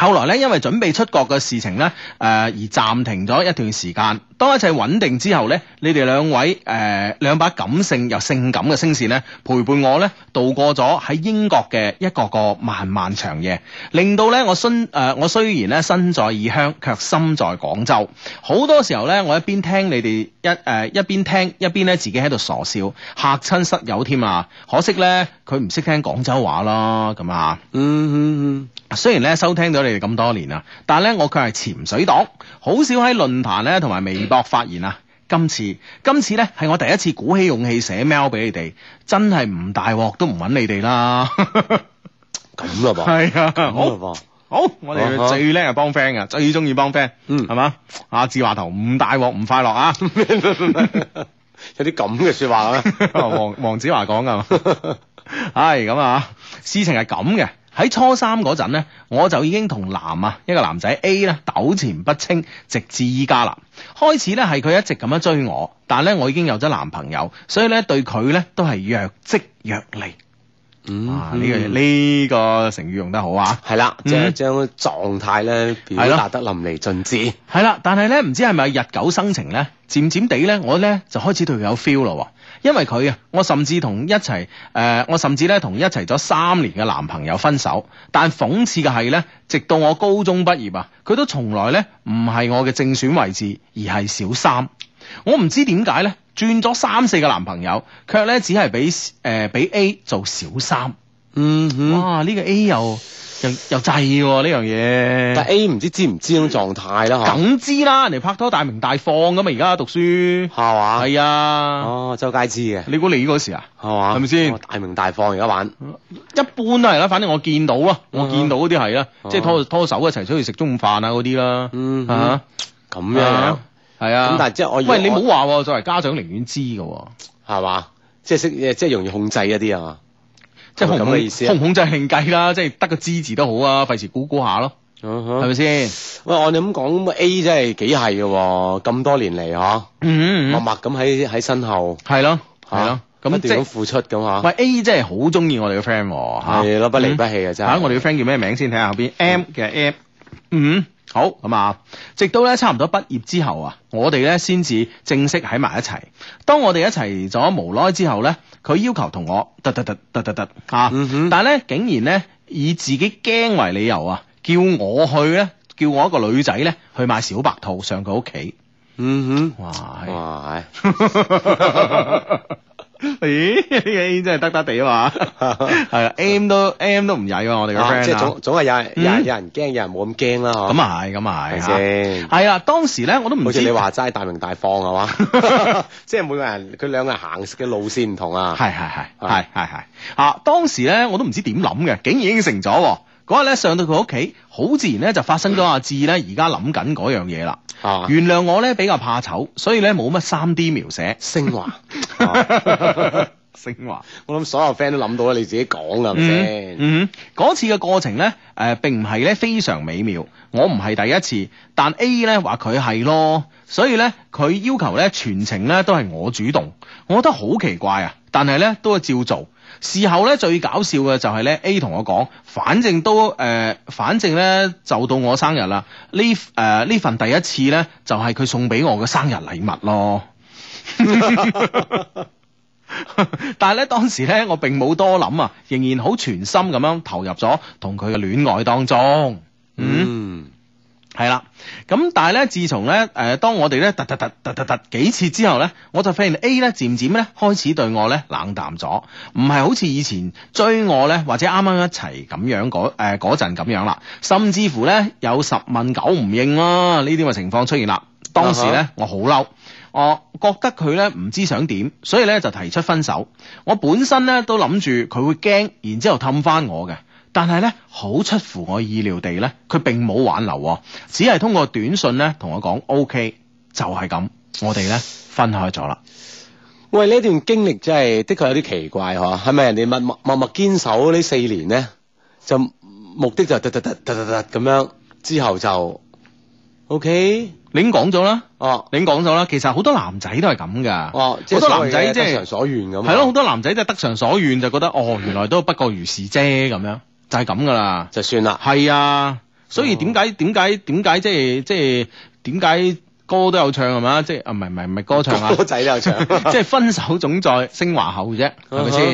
後來咧，因為準備出國嘅事情咧，誒、呃、而暫停咗一段時間。當一切穩定之後咧，你哋兩位誒兩、呃、把感性又性感嘅聲線咧，陪伴我咧度過咗喺英國嘅一個個漫漫長夜，令到咧我雖誒、呃、我雖然咧身在異鄉，卻心在廣州。好多時候咧，我一邊聽你哋一誒、呃、一邊聽，一邊咧自己喺度傻笑，嚇親室友添啊！可惜咧，佢唔識聽廣州話啦，咁啊，嗯嗯嗯。嗯雖然咧收聽到你哋咁多年啦，但係咧我卻係潛水黨，好少喺論壇咧同埋微博發言啊、嗯。今次今次咧係我第一次鼓起勇氣寫 mail 俾你哋，真係唔大鑊都唔揾你哋啦。咁啊噃，係啊，好好。好啊、哈我哋最叻係幫 friend 噶，最中意幫 friend。嗯，係嘛？阿、啊、志華頭唔大鑊唔快樂啊？ 有啲咁嘅說話 說、 哎、啊？黃黃子華講噶，係咁啊？事情係咁嘅。喺初三嗰陣咧，我就已經同男啊一個男仔 A 咧糾纏不清，直至依家啦。開始咧係佢一直咁樣追我，但係咧我已經有咗男朋友，所以咧對佢咧都係若即若離。嗯、啊，呢、呢個呢、呢個成語用得好啊！係啦了，嗯、即係將個狀態咧表達得淋漓盡致。係啦，但係咧唔知係咪日久生情咧？漸漸地咧，我咧就開始對佢有 feel 啦。因為佢啊，我甚至同一齊誒、呃，我甚至咧同一齊咗三年嘅男朋友分手。但諷刺嘅係咧，直到我高中畢業啊，佢都從來咧唔係我嘅正選位置，而係小三。我唔知點解咧，轉咗三四個男朋友，卻咧只係俾誒俾 A 做小三。嗯，哇！呢個 A 又又又制呢樣嘢，但 A 唔知知唔知種狀態啦？梗知啦，人哋拍拖大明大放噶嘛！而家讀書係嘛？係啊，哦，周街知嘅。你估你嗰時啊？係嘛？係咪先？大明大放而家玩，一般都係啦。反正我見到啊，我見到嗰啲係啦，即係拖拖手一齊出去食中午飯啊嗰啲啦。嗯，吓咁樣樣係啊。咁但係即係我喂，你唔好話作為家長寧願知噶，係嘛？即係識，即係容易控制一啲啊？即係咁嘅意思，紅紅即係興計啦，即係得個支持都好啊，費事估估下咯，係咪先？喂，我哋咁講，A 真係幾係嘅，咁多年嚟嗬，默默咁喺喺身後，係咯，係咯，咁一直付出咁啊！喂，A 真係好中意我哋嘅 friend，係咯，不離不棄嘅真係。吓，我哋嘅 friend 叫咩名先？睇下後邊 M 嘅 M，嗯，好，咁啊，直到咧差唔多畢業之後啊，我哋咧先至正式喺埋一齊。當我哋一齊咗無耐之後咧。佢要求同我，得得得得得得啊！嗯哼，但係咧，竟然咧以自己驚為理由啊，叫我去咧，叫我一個女仔咧去買小白兔上佢屋企。嗯哼，哇！哇 咦，真係得得地啊嘛，係啊，M 都 M 都唔曳喎，我哋嘅 friend，即係總總係有人有人有人驚，有人冇咁驚啦，咁啊係，咁啊係，係先。係啦，當時咧我都唔，好似你話齋大明大方係嘛，即係每個人佢兩個人行嘅路線唔同啊。係係係係係係啊！當時咧我都唔知點諗嘅，竟然已經成咗。嗰日咧上到佢屋企，好自然咧就發生咗阿志咧而家諗緊嗰樣嘢啦。啊，原諒我咧比較怕醜，所以咧冇乜三 D 描寫，升華，升、啊、 華。我諗所有 friend 都諗到啦，你自己講啦，先、嗯？嗯，嗰次嘅過程咧，誒、呃、並唔係咧非常美妙。我唔係第一次，但 A 咧話佢係咯，所以咧佢要求咧全程咧都係我主動。我覺得好奇怪啊，但係咧都係照做。事後咧最搞笑嘅就係咧 A 同我講，反正都誒、呃，反正咧就到我生日啦，呢誒呢份第一次咧就係佢送俾我嘅生日禮物咯。 但係咧當時咧我並冇多諗啊，仍然好全心咁樣投入咗同佢嘅戀愛當中。嗯。嗯係啦，咁但係咧，自從咧，誒，當我哋咧突突突突突突幾次之後咧，我就發現 A 咧漸漸咧開始對我咧冷淡咗，唔係好似以前追我咧或者啱啱一齊咁樣嗰誒嗰陣咁樣啦，甚至乎咧有十問九唔應啦，呢啲嘅情況出現啦。當時咧我好嬲，我覺得佢咧唔知想點，所以咧就提出分手。我本身咧都諗住佢會驚，然之後氹翻我嘅。但係咧，好出乎我意料地咧，佢並冇挽留，只係通過短信咧同我講 OK，就係咁，我哋咧分開咗啦。喂，呢段經歷真係的確有啲奇怪，嗬？係咪人哋默默默堅守呢四年咧，就目的就突突突突突突咁樣，之後就 OK，你講咗啦，哦，你講咗啦。其實好多男仔都係咁噶，哦，好多男仔即係得償所願咁，係咯，好多男仔即係得償所願，就覺得哦，原來都不過如是啫咁樣。就係咁噶啦，就算啦。係啊，所以點解點解點解即係即係點解歌都有唱係嘛？即係啊，唔係唔係唔係歌唱啊，歌仔都有唱。即 係 分手總在升華後啫，係咪先？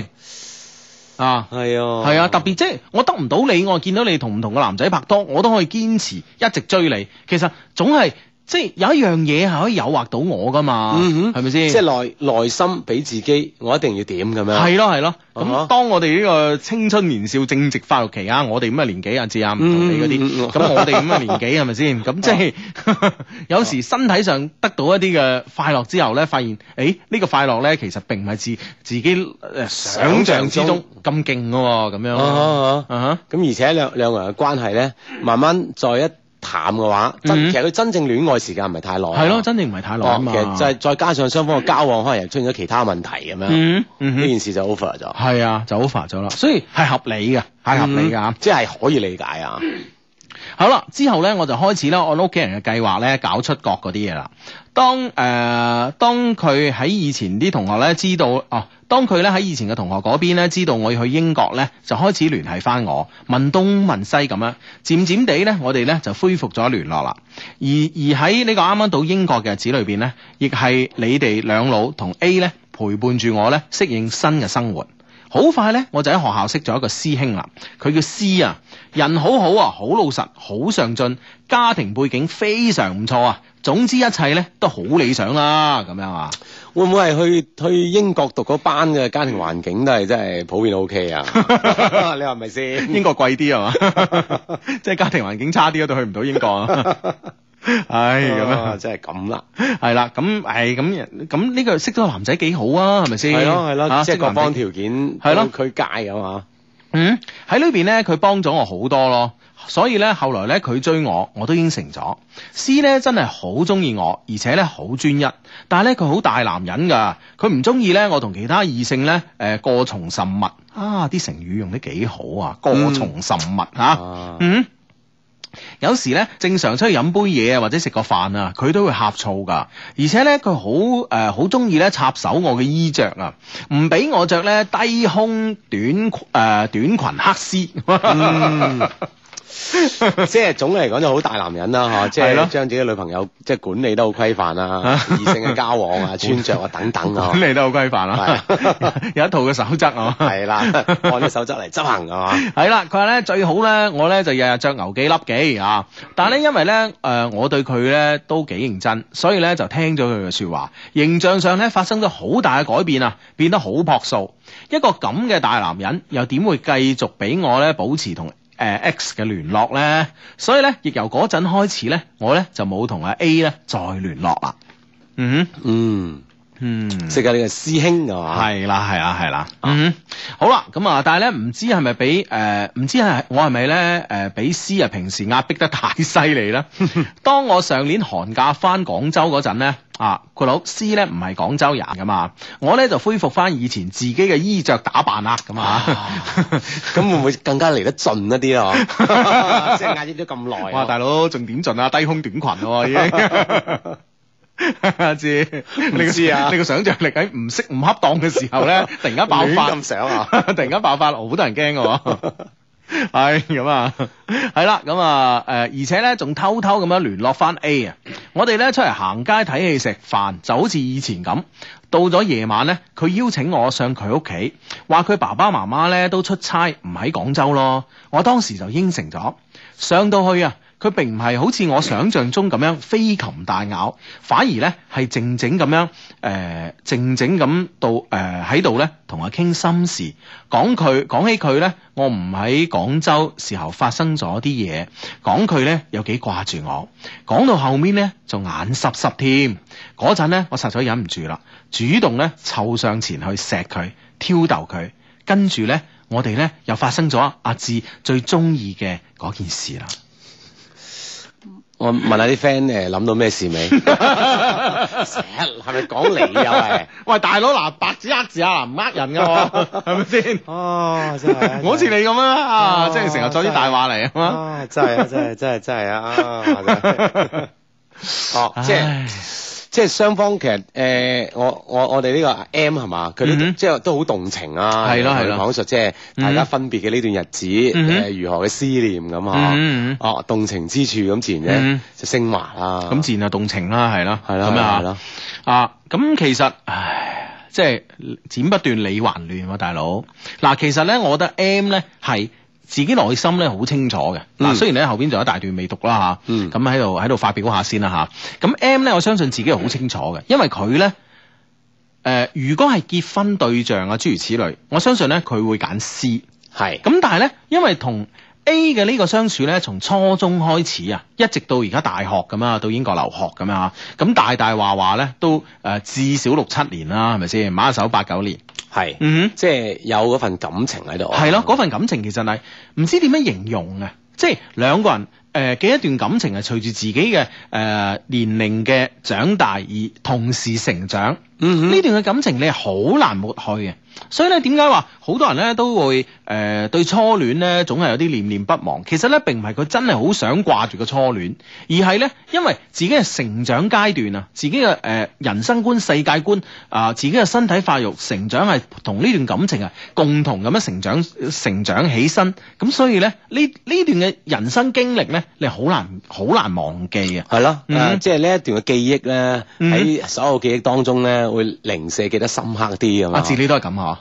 啊，哈啊，係啊，係啊，特別即係我得唔到你，我見到你同唔同個男仔拍拖，我都可以堅持一直追你。其實總係。即係有一樣嘢係可以誘惑到我噶嘛，係咪先？即係內內心俾自己，我一定要點咁樣。係咯係咯，咁、uh huh. 當我哋呢個青春年少正值發育期啊，我哋咁嘅年紀啊，至啊唔同你嗰啲，咁、uh huh. 我哋咁嘅年紀係咪先？咁 即係、uh huh. 有時身體上得到一啲嘅快樂之後咧，發現誒呢、欸呢個快樂咧其實並唔係自自己想象之中咁勁嘅喎，咁樣啊嚇。咁而且兩兩個人嘅關係咧，慢慢再一。 淡嘅話，真、嗯、其實佢真正戀愛時間唔係太耐，係咯，真正唔係太耐啊。其實就係再加上雙方嘅交往可能又出現咗其他問題咁樣，呢、嗯嗯、件事就 over 咗。係啊，就 over 咗啦，所以係合理嘅，係合理噶，嗯、即係可以理解啊。嗯、好啦，之後咧我就開始啦，我屋企人嘅計劃咧搞出國嗰啲嘢啦。當誒、呃、當佢喺以前啲同學咧知道哦、啊，當佢咧喺以前嘅同學嗰邊咧知道我要去英國咧，就開始聯繫返我問東問西咁樣，漸漸地咧我哋咧就恢復咗聯絡啦。而而喺呢個啱啱到英國嘅日子裏邊咧，亦係你哋兩老同 A 咧陪伴住我咧適應新嘅生活。好快咧，我就喺學校識咗一個師兄啦。佢叫師啊，人好好啊，好老實，好上進，家庭背景非常唔錯啊。總之一切咧都好理想啦。咁樣啊，樣會唔會係去去英國讀嗰班嘅家庭環境都係真係普遍 OK 啊？ 你話咪先？英國貴啲啊嘛？ 即係家庭環境差啲都去唔到英國。 唉，咁啊，真係咁啦，係啦，咁係咁，咁呢個識咗個男仔幾好啊，係咪先？係咯，係咯，即係各方面條件，係咯，佢介啊嘛。嗯，喺呢邊咧，佢幫咗我好多咯，所以咧，後來咧，佢追我，我都應承咗。C 咧真係好中意我，而且咧好專一，但係咧佢好大男人噶，佢唔中意咧我同其他異性咧，誒過從甚密啊！啲成語用得幾好啊，過從、嗯、甚密啊，啊嗯。有時咧，正常出去飲杯嘢啊，或者食個飯啊，佢都會呷醋㗎。而且咧，佢好誒，好中意咧插手我嘅衣着啊，唔俾我着咧低胸短誒、呃、短裙黑絲。嗯 即係 總嚟講就好大男人啦，吓即係將自己女朋友即係管理得好規範啊，異性嘅交往啊、穿着啊等等啊，管理得好規範啊， 有一套嘅守則啊，係 啦，按啲守則嚟執行啊嘛，係啦，佢話咧最好咧，我咧就日日着牛幾粒幾啊，但係咧因為咧誒我對佢咧都幾認真，所以咧就聽咗佢嘅說話，形象上咧發生咗好大嘅改變啊，變得好樸素，一個咁嘅大男人又點會繼續俾我咧保持同誒、呃，X 嘅聯絡咧，所以咧，亦由嗰陣開始咧，我咧就冇同阿 A 咧再聯絡啦。嗯嗯、mm。Hmm. Mm. 嗯，識啊！你個師兄係嘛？係啦，係啊，係啦。嗯，好啦，咁啊，但係咧，唔、呃、知係咪俾誒，唔知係我係咪咧誒，俾師啊平時壓迫得太犀利啦。 當我上年寒假翻廣州嗰陣咧，啊，個老師咧唔係廣州人噶嘛，我咧就恢復翻以前自己嘅衣着打扮啦，咁啊哇，咁 會唔會更加嚟得盡一啲啊？即 係壓迫咗咁耐。 哇，大佬仲點盡啊？低胸短裙喎，已經。 知， 你個的、啊、 你個想象力喺唔識唔恰當嘅時候咧，突然間爆發咁 想啊！ 突然間爆發，好多人驚嘅，係 咁啊，係 啦，咁啊，誒、呃，而且咧仲偷偷咁樣聯絡翻 A 啊，我哋咧出嚟行街睇戲食飯，就好似以前咁，到咗夜晚咧，佢邀請我上佢屋企，話佢爸爸媽媽咧都出差唔喺廣州咯，我當時就應承咗，上到去啊。佢並唔係好似我想象中咁樣飛禽大咬，反而咧係靜靜咁樣誒，靜靜咁到誒喺度咧同我傾心事，講佢講起佢咧，我唔喺廣州時候發生咗啲嘢，講佢咧有幾掛住我，講到後面咧就眼濕濕添。嗰陣咧，我實在忍唔住啦，主動咧湊上前去錫佢挑逗佢，跟住咧我哋咧又發生咗阿志最中意嘅嗰件事啦。我問下啲 friend 誒，諗到咩事未？成日係咪講你又、啊、係？ 喂，大佬嗱、呃，白紙黑字啊，唔呃人噶喎，係咪先？哦，真係，我好似 你咁、哦、啊，即係成日作啲大話嚟啊！真係真係真係真係啊！哦，即係。即係雙方，其實誒，我我我哋呢個 M 係嘛，佢哋即係都好動情啊，去講述即係大家分別嘅呢段日子，誒如何嘅思念咁啊，哦動情之處咁自然咧就升華啊，咁自然就動情啦，係啦，係啦，咁啊，啊咁其實，唉，即係剪不斷理還亂喎，大佬嗱，其實咧，我覺得 M 咧係。自己內心咧好清楚嘅，嗱、嗯、雖然咧後邊仲有一大段未讀啦吓，咁喺度喺度發表下先啦吓，咁 M 咧我相信自己係好清楚嘅，因為佢咧誒如果係結婚對象啊諸如此類，我相信咧佢會揀 C，係咁是但係咧因為同。A 嘅呢個相處呢，從初中開始啊，一直到而家大學咁啊，到英國留學咁樣吓，咁大大話話呢，都誒、呃、至少六七年啦，係咪先？馬一手八九年，係是，嗯哼即係有嗰份感情喺度，係咯，嗰份感情其實係唔知點樣形容啊，即係兩個人誒嘅、呃、一段感情係隨住自己嘅誒、呃、年齡嘅長大而同時成長。呢、嗯嗯、段嘅感情你係好難抹去嘅，所以咧點解話好多人咧都會誒、呃、對初戀咧總係有啲念念不忘。其實咧並唔係佢真係好想掛住個初戀，而係咧因為自己嘅成長階段啊，自己嘅誒人生觀、世界觀啊、呃，自己嘅身體發育、成長係同呢段感情啊共同咁樣成長、呃、成長起身。咁所以咧呢呢段嘅人生經歷咧，你好難好難忘記啊。係咯的，即係呢一段嘅記憶咧，喺所有記憶當中咧。會零舍記得深刻啲啊嘛，阿志你都係咁啊。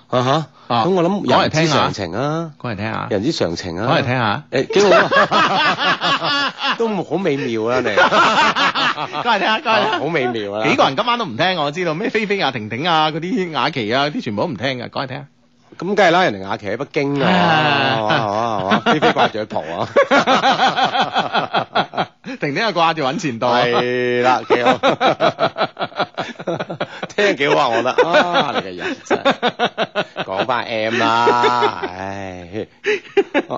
咁我諗有人之常情啊，講嚟聽下，人之常情啊，講嚟聽下，誒，幾好，都好美妙啊。你，講嚟聽下，講嚟，好美妙啊。幾個人今晚都唔聽，我知道咩菲菲啊、婷婷啊、嗰啲雅琪啊，啲全部都唔聽啊。講嚟聽下，咁梗係啦，人哋雅琪喺北京啊，菲菲掛住蒲啊，婷婷啊掛住搵前度。係啦，幾好。聽幾好啊！我覺得啊，你嘅人真係講翻 M 啦，唉，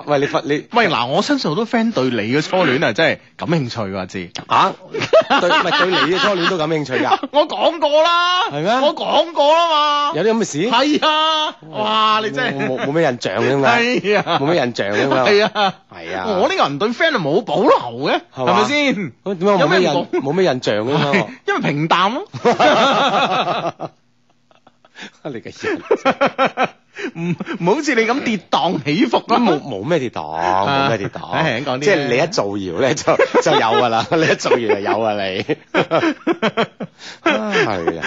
喂，你忽你喂嗱，我相信好多 friend 對你嘅初戀啊，真係感興趣啊，知啊？唔係對你嘅初戀都感興趣噶？我講過啦，係咩？我講過啦嘛，有啲咁嘅事？係啊，哇！你真係冇冇咩印象噶嘛？係啊，冇咩印象噶嘛？係啊，係啊，我呢個人對 friend 係冇保留嘅，係咪先？點解冇冇咩印象噶嘛？因為平淡咯。 你嘅嘢，唔唔好似你咁跌宕起伏咯，冇冇咩跌宕，冇咩跌宕。 哎、即係你一造謠咧，就就有噶啦，你一造謠就有 啊，你係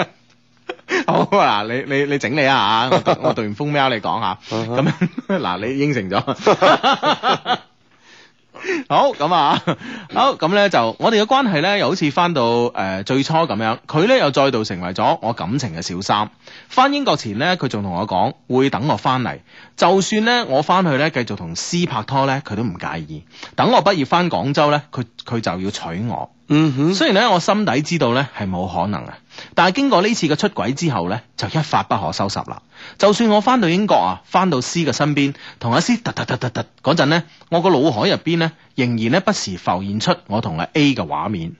啊。 好啊，你你你整理一下，我我，我對完風喵你講下，咁嗱你， 你應承咗。 好咁啊，好咁咧就我哋嘅關係咧，又好似翻到誒、呃、最初咁樣。佢咧又再度成為咗我感情嘅小三。翻英國前咧，佢仲同我講會等我翻嚟，就算咧我翻去咧繼續同 C 拍拖咧，佢都唔介意。等我畢業翻廣州咧，佢佢就要娶我。嗯哼、mm，hmm. 雖然咧我心底知道咧係冇可能啊。但係經過呢次嘅出軌之後呢，就一發不可收拾啦。就算我翻到英國啊，翻到 C 嘅身邊，同阿 C 突突突突突，嗰陣呢，我個腦海入邊呢，仍然咧不時浮現出我同阿 A 嘅畫面。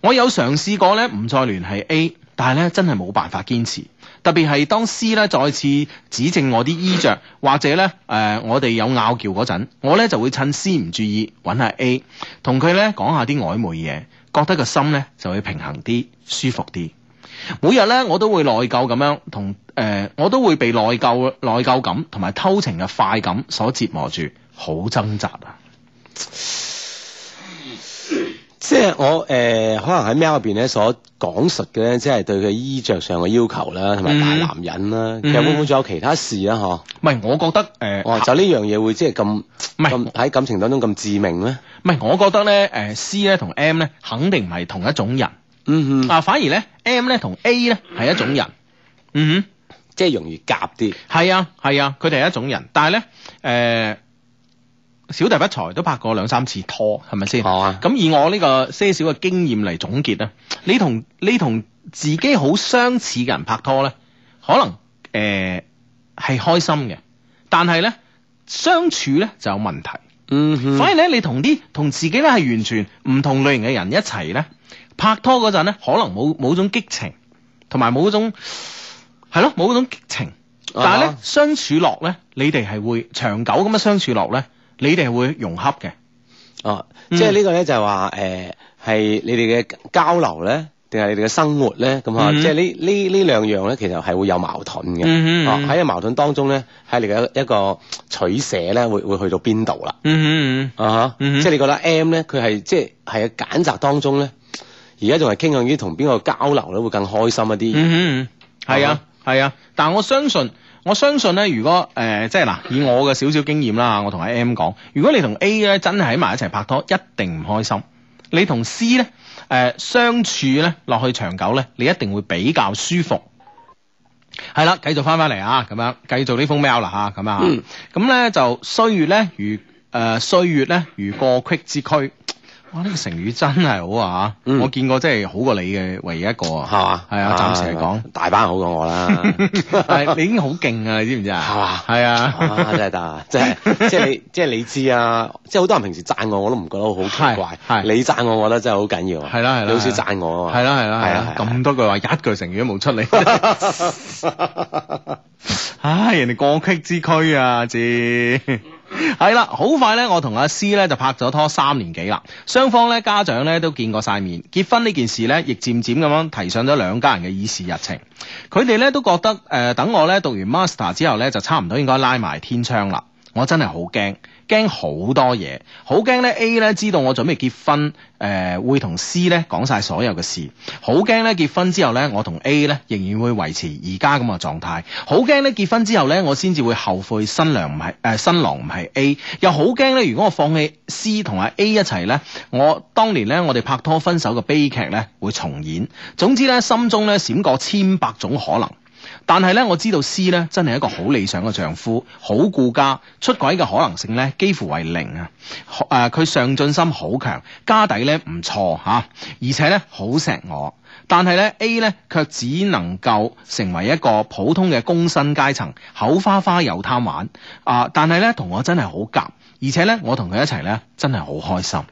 我有嘗試過呢，唔再聯繫 A，但係咧真係冇辦法堅持。特別係當 C 咧再次指正我啲衣着，或者呢，誒我哋有拗撬嗰陣，我呢就會趁 C 唔注意，揾下 A，同佢呢講下啲曖昧嘢，覺得個心呢，就會平衡啲，舒服啲。每日咧，我都會內疚咁樣同誒，我都會被內疚內疚感同埋偷情嘅快感所折磨住，好掙扎啊！即係我誒、呃，可能喺喵入邊咧所講述嘅咧，即係對佢衣着上嘅要求啦，同埋大男人啦，其實會唔會仲有其他事啊？嗬，唔係，我覺得誒，哇，呃，就呢樣嘢會即係咁唔係喺感情當中咁致命咧？唔係，嗯，我覺得咧，誒、呃，C 咧同 M 咧肯定唔係同一種人，嗯嗯，啊，嗯，反而咧。M 咧同 A 咧係一種人， 嗯哼，即係容易夾啲。係啊係啊，佢哋係一種人，但係咧，誒、呃，小弟不才都拍過兩三次拖，係咪先？好啊，咁以我呢個些少嘅經驗嚟總結咧，你同你同自己好相似嘅人拍拖咧，可能誒係、呃、開心嘅，但係咧相處咧就有問題。嗯哼，反而咧你同啲同自己咧係完全唔同類型嘅人一齊咧。拍拖嗰陣咧，可能冇冇種激情，同埋冇嗰種係咯，冇嗰種激情。但係咧相處落咧，你哋係會長久咁樣相處落咧，你哋係會融洽嘅。哦，即係呢個咧就係話誒，係你哋嘅交流咧，定係你哋嘅生活咧？咁啊，即係呢呢呢兩樣咧，其實係會有矛盾嘅。哦，喺個矛盾當中咧，喺你嘅一個取捨咧，會會去到邊度啦？嗯嗯啊，即係你覺得 M 咧，佢係即係係喺，揀擇當中咧。而家仲係傾向於同邊個交流咧，會更開心一啲。嗯，嗯，係吧啊，係啊。但係我相信，我相信咧，如果誒、呃，即係嗱，以我嘅少少經驗啦，我同阿 M 講，如果你同 A 咧真係喺埋一齊拍拖，一定唔開心。你同 C 咧，誒、呃、相處咧，落去長久咧，你一定會比較舒服。係、嗯、啦，繼續翻翻嚟啊，咁樣，繼續呢封 mail 啦吓，咁啊，咁咧、啊嗯、就歲月咧如誒歲、呃、月咧如過隙之駒。呢個成語真係好啊！我見過真係好過你嘅唯一一個啊！係嘛？係啊！暫時嚟講，大班好過我啦。係你已經好勁啊！你知唔知啊？係嘛？係啊！真係得，即係即係你即係你知啊！即係好多人平時讚我，我都唔覺得我好奇怪。係你讚我，我覺得真係好緊要。係啦係啦，老師讚我。係啦係啦係啦，咁多句話，一句成語都冇出嚟。唉，人哋過隙之驅啊，知？係啦，好 快咧，我同阿 C 咧，就拍咗拖三年幾啦。雙方咧，家長咧，都見過晒面，結婚呢件事咧，亦漸漸咁樣提上咗兩家人嘅議事日程。佢哋咧，都覺得誒、呃，等我咧讀完 master 之後咧，就差唔多應該拉埋天窗啦。我真係好驚。驚好多嘢，好驚咧 A 咧知道我準備結婚，誒、呃、會同 C 咧講晒所有嘅事，好驚咧結婚之後咧我同 A 咧仍然會維持而家咁嘅狀態，好驚咧結婚之後咧我先至會後悔新娘唔係，誒新郎唔係 A，又好驚咧如果我放棄 C 同埋 A 一齊咧，我當年咧我哋拍拖分手嘅悲劇咧會重演，總之咧心中咧閃過千百種可能。但係咧，我知道 C 咧真係一個好理想嘅丈夫，好顧家，出軌嘅可能性咧幾乎為零啊！誒、呃，佢上進心好強，家底咧唔錯吓，而且咧好錫我。但係咧 A 咧卻只能夠成為一個普通嘅工薪階層，口花花又貪玩啊、呃！但係咧同我真係好夾，而且咧我同佢一齊咧真係好開心。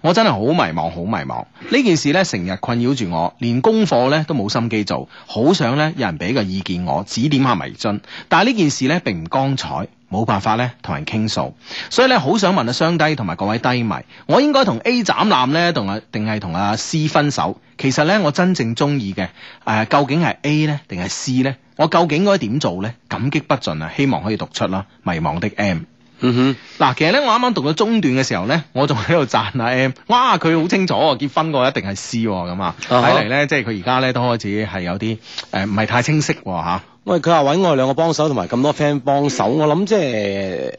我真係好迷茫，好迷茫。呢件事呢，成日困擾住我，連功課呢都冇心機做，好想呢，有人俾個意見我指點下迷津。但係呢件事呢，並唔光彩，冇辦法呢，同人傾訴，所以呢，好想問阿雙低同埋各位低迷，我應該同 A 斬纜呢，同阿定係同阿 C 分手？其實呢，我真正中意嘅誒，究竟係 A 呢，定係 C 呢？我究竟應該點做呢？感激不盡啊！希望可以讀出啦，迷茫的 M。嗯哼，嗱、mm，hmm. 其實咧，我啱啱讀咗中段嘅時候咧，我仲喺度讚阿 M，哇，佢好清楚，結婚嘅一定係 C 咁、哦、啊，睇嚟咧，即係佢而家咧都開始係有啲誒，呃、唔係太清晰吓、哦。啊、喂，佢話揾我哋兩個幫手，同埋咁多 friend 幫手，我諗即係。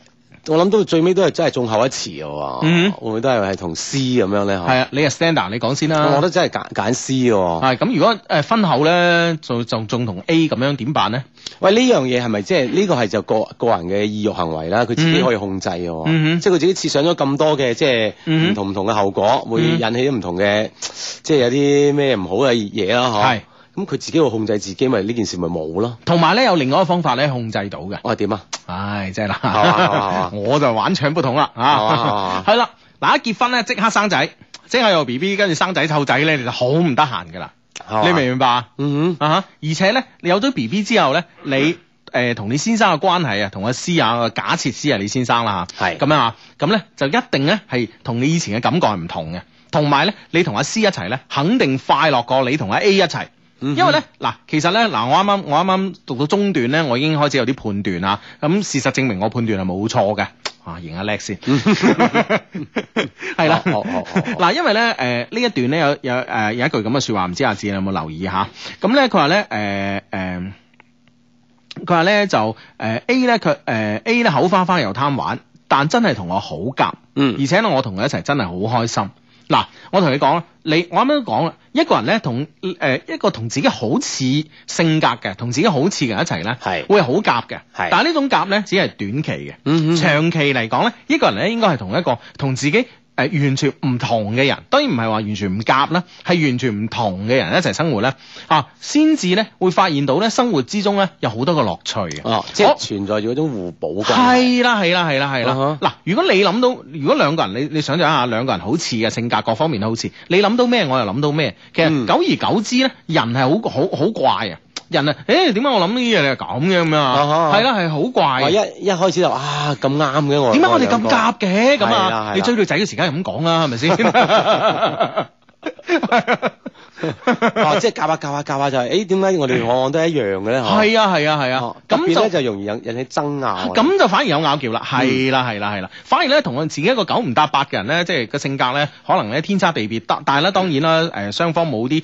我諗到最尾都係真係仲後一次喎，會唔會都係係同 C 咁樣咧？係啊，你阿 Standard 你講先啦。我覺得真係揀揀 C 喎。係咁，如果誒分後咧，就就仲同 A 咁樣點辦咧？喂，呢樣嘢係咪即係呢個係就個個人嘅意欲行為啦？佢自己可以控制嘅喎，mm hmm. 即係佢自己設想咗咁多嘅即係唔同唔同嘅後果，會引起啲唔同嘅、mm hmm. 即係有啲咩唔好嘅嘢啦，嗬、mm。Hmm. 咁佢自己會控制自己，咪呢件事咪冇咯？同埋咧，有另外一個方法咧，控制到嘅。哦，點啊？唉、啊哎，真係啦，啊啊、 我就玩槍不同啦吓，係啦、啊。嗱、啊， 一結婚咧，即刻生仔，即係有 B B，跟住生仔湊仔咧，你就閒好唔得閒噶啦。你明唔明白嗯嗯啊？嗯啊而且咧，你有咗 B B 之後咧，你誒同、呃、你先生嘅關係啊，同阿 C 啊，假設 C 啊，係你先生啦吓，係咁是樣啊，咁咧就一定咧係同你以前嘅感覺係唔同嘅，同埋咧你同阿 C 一齊咧，肯定快樂過你同阿 A 一齊。Mm hmm. 因為咧，嗱，其實咧，嗱，我啱啱我啱啱讀到中段咧，我已經開始有啲判斷啊。咁事實證明我判斷係冇錯嘅，哇、啊，認下叻先，係啦。嗱，因為咧，誒、呃，呢一段咧有有誒、呃、有一句咁嘅說話，唔知阿志你有冇留意吓？咁咧佢話咧，誒誒，佢話咧就誒、呃、A 咧佢誒 A 咧口花花又貪玩，但真係同我好夾，嗯、mm，hmm. 而且呢我同佢一齊真係好開心。嗱，我同你講啦，你我啱啱都講啦，一個人咧同誒、呃、一個同自己好似性格嘅，同自己好似嘅一齊咧，係的會好夾嘅，係的。但係呢種夾咧，只係短期嘅，嗯哼，長期嚟講咧，一個人咧應該係同一個同自己。誒，完全唔同嘅人，當然唔係話完全唔夾啦，係完全唔同嘅人一齊生活咧，啊，先至咧會發現到咧生活之中咧有好多個樂趣啊，啊即係存在住一種互補嘅。係啦，係啦，係啦，係啦，嗱，uh huh. 如果你諗到，如果兩個人你你想象一下，兩個人好似嘅性格各方面都好似，你諗到咩，我又諗到咩，其實久而久之咧，人係好好好怪啊。人啊，誒點解我諗呢啲嘢你係咁嘅咁啊？係啦，係好怪。一一開始就啊咁啱嘅，點解我哋咁夾嘅咁啊？你追女仔嘅時間又咁講啊，係咪先？ oh, 即係夾下夾下夾下就係，誒點解我哋往往、啊、都係一樣嘅咧？係啊係啊係啊，咁、啊啊、就容易引起爭拗、啊。咁就反而有拗撬啦，係啦係啦係啦，反而咧同我自己一個九唔搭八嘅人咧，即係個性格咧，可能咧天差地別,別。但但係咧，當然啦，誒雙方冇啲誒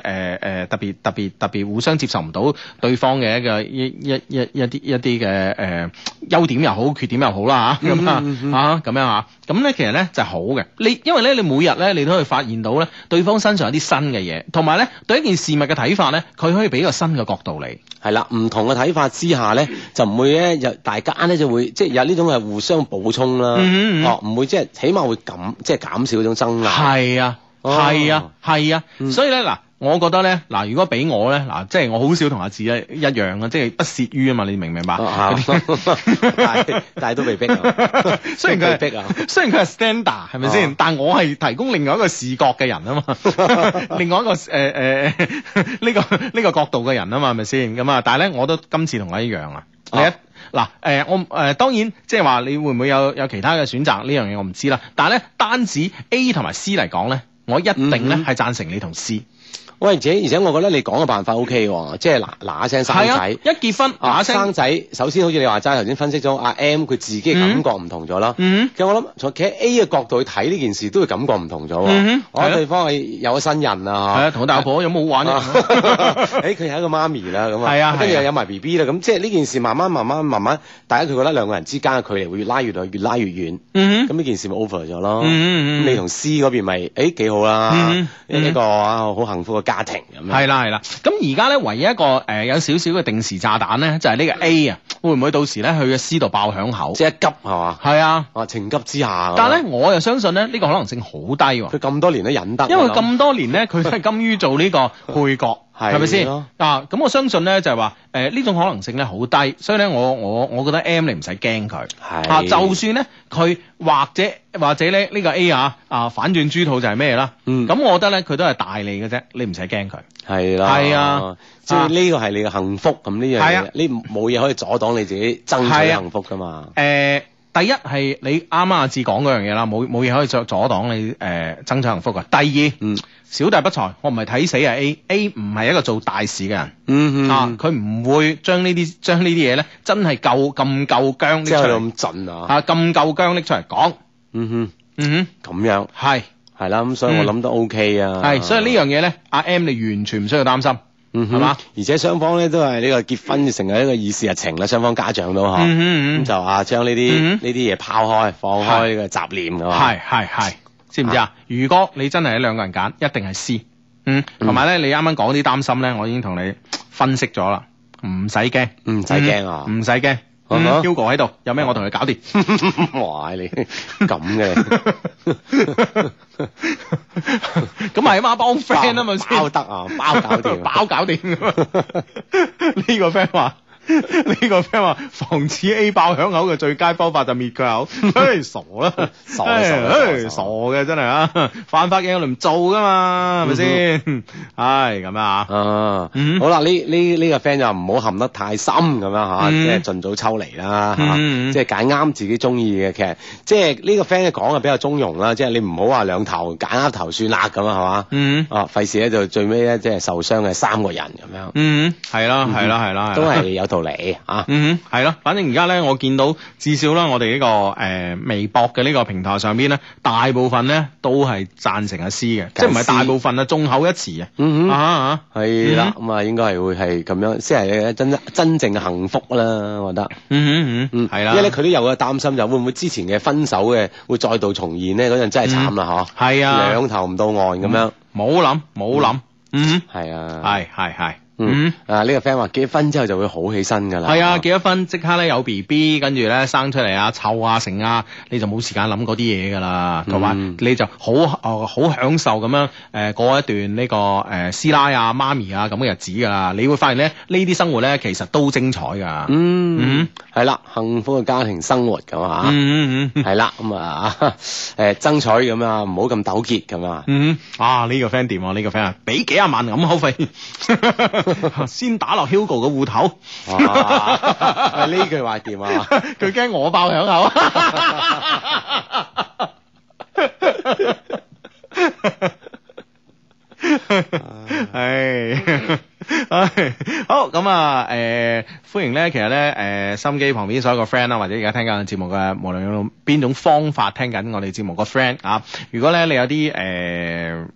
誒誒特別特別特別,特別互相接受唔到對方嘅一個一一一一啲一啲嘅誒優點又好缺點又好啦吓，咁啊咁樣啊，咁、啊、咧、啊啊啊啊啊啊啊啊啊、其實咧就係、是、好嘅。你因為咧你每日咧你都可以發現到咧，對方身上有啲新嘅。 嘢，同埋咧，對一件事物嘅睇法咧，佢可以俾個新嘅角度嚟，係啦，唔同嘅睇法之下咧，就唔會咧，有大家咧就會，即係有呢種係互相補充啦，哦、嗯嗯嗯，唔、啊、會即、就、係、係，起碼會減，即係減少嗰種爭拗，係啊，係啊，係啊，啊嗯、所以咧嗱。我覺得咧嗱，如果俾我咧嗱，即係我好少同阿志一一樣嘅，即係不屑於啊嘛。你明唔明白？但係都被逼，被雖然佢係逼啊，雖然佢係 standard 係咪先？但我係提供另外一個視角嘅人啊嘛，啊 另外一個誒誒呢個呢、這個角度嘅人啊嘛，係咪先咁啊？但係咧，我都今次同我一樣啊。第一嗱誒，我、啊、誒、呃、當然即係話你會唔會有有其他嘅選擇呢樣嘢？我唔知啦。但係咧單止 A 同埋 C 嚟講咧，我一定咧係贊成你同 C、嗯。喂，而且而且，我覺得你講嘅辦法 O K 喎，即係嗱嗱聲生仔，一結婚嗱聲生仔，首先好似你話齋頭先分析咗阿 M 佢自己嘅感覺唔同咗啦。其實我諗坐企喺 A 嘅角度去睇呢件事，都會感覺唔同咗。我覺得對方係有咗新人啦，同大婆有冇好玩啊？誒，佢係一個媽咪啦，咁啊，跟住又有埋 B B 啦，咁即係呢件事慢慢慢慢慢慢，大家佢覺得兩個人之間嘅距離會越拉越越拉越遠。咁呢件事咪 over 咗咯？你同 C 嗰邊咪誒幾好啦？一個啊，好幸福嘅家庭咁，係啦係啦，咁而家咧唯一一個誒、呃、有少少嘅定時炸彈咧，就係、係、呢個 A 啊，會唔會到時咧佢嘅 C 度爆響口？即係急係嘛？係的啊，情急之下。但係咧，我又相信咧，呢個可能性好低喎。佢咁多年都忍得，因為咁多年咧，佢都係甘於做呢個配角。 係咪先啊？咁我相信咧就係話，誒，呢種可能性咧好低，所以咧我我我覺得 M 你唔使驚佢，吓，就算咧佢或者或者咧呢個 A 啊啊反轉豬肚就係咩啦，咁我覺得咧佢都係大利嘅啫，你唔使驚佢。係啦。係啊，即係呢個係你嘅幸福咁呢樣嘢，你冇嘢可以阻擋你自己爭取幸福噶嘛。第一係你啱啱阿智講嗰樣嘢啦，冇冇嘢可以着阻擋你誒增、呃、長幸福噶。第二，嗯，小弟不才，我唔係睇死啊。A A 唔係一個做大事嘅人，嗯哼啊，佢唔會將呢啲將呢啲嘢咧，真係夠咁夠薑拎出嚟咁、嗯、哼震啊，啊咁夠薑拎出嚟講，嗯哼，嗯哼，咁樣係係啦，咁所以我諗都 O、OK、K 啊，係所以呢樣嘢咧，阿 M 你完全唔需要擔心。嗯，係嘛吧？而且雙方咧都係呢個結婚成為一個議事日程啦，雙方家長都嗬，咁、嗯嗯嗯、就啊將呢啲呢啲嘢拋開、放開個雜念咯。係係係，啊、知唔知啊？如果你真係喺兩個人揀，一定係 C。嗯，同埋咧，你啱啱講啲擔心咧，我已經同你分析咗啦，唔使驚，唔使驚啊，唔使驚。Hugo 哥喺度，有咩我同佢搞掂。哇你咁嘅，咁咪孖幫 friend 啊嘛，包得啊，包搞掂，包搞掂。呢個 friend 話。呢個 friend 話防止 A 爆響口嘅最佳方法就滅佢口，唉傻啦，唉傻嘅真係啊！犯法嘅我哋唔做噶嘛，係咪先？係咁啊，啊好啦，呢呢呢個 friend 就唔好陷得太深咁樣吓，即係盡早抽離啦，即係揀啱自己中意嘅劇，即係呢個 friend 嘅講啊比較中庸啦，即係你唔好話兩頭揀一頭算啦咁樣，係嘛，哦費事咧就最尾咧即係受傷嘅三個人咁樣，嗯係啦係啦係啦，都係有。到嚟啊，嗯哼，係咯，反正而家咧，我見到至少咧，我哋呢個誒微博嘅呢個平台上邊咧，大部分咧都係讚成阿 C 嘅，即係唔係大部分啊，眾口一詞啊，嗯哼，啊啊，係啦，咁啊，應該係會係咁樣，先係真真正嘅幸福啦，我覺得，嗯嗯嗯，係啦，因為咧佢都有個擔心，就會唔會之前嘅分手嘅會再度重現咧？嗰陣真係慘啦，嗬，係啊，兩頭唔到岸咁樣，冇諗冇諗，嗯，係啊，係係係。嗯，啊呢、這個 friend 話結咗婚之後就會好起身噶啦，係啊，結咗婚即刻咧有 B B，跟住咧生出嚟啊湊啊成啊，你就冇時間諗嗰啲嘢噶啦，同埋、嗯、你就好、呃、好享受咁樣誒過一段呢、這個誒師奶啊媽咪啊咁嘅日子噶啦，你會發現咧呢啲生活咧其實都精彩噶，嗯係啦，嗯嗯、da, 幸福嘅家庭生活咁啊，嗯嗯 da, 嗯係啦，咁啊誒爭取咁啊，唔好咁糾結咁啊，嗯啊呢個 friend 掂啊呢個 friend 啊俾幾啊萬咁口費。 先打落 Hugo 嘅戶頭，呢句話掂啊，佢驚我爆響口。係，好咁啊！誒、 哎哎 呃，歡迎咧，其實咧，誒、呃，心機旁邊所有嘅 friend 啊，或者而家聽緊節目嘅，無論用邊種方法聽緊我哋節目嘅 friend 啊，如果咧你有啲誒，呃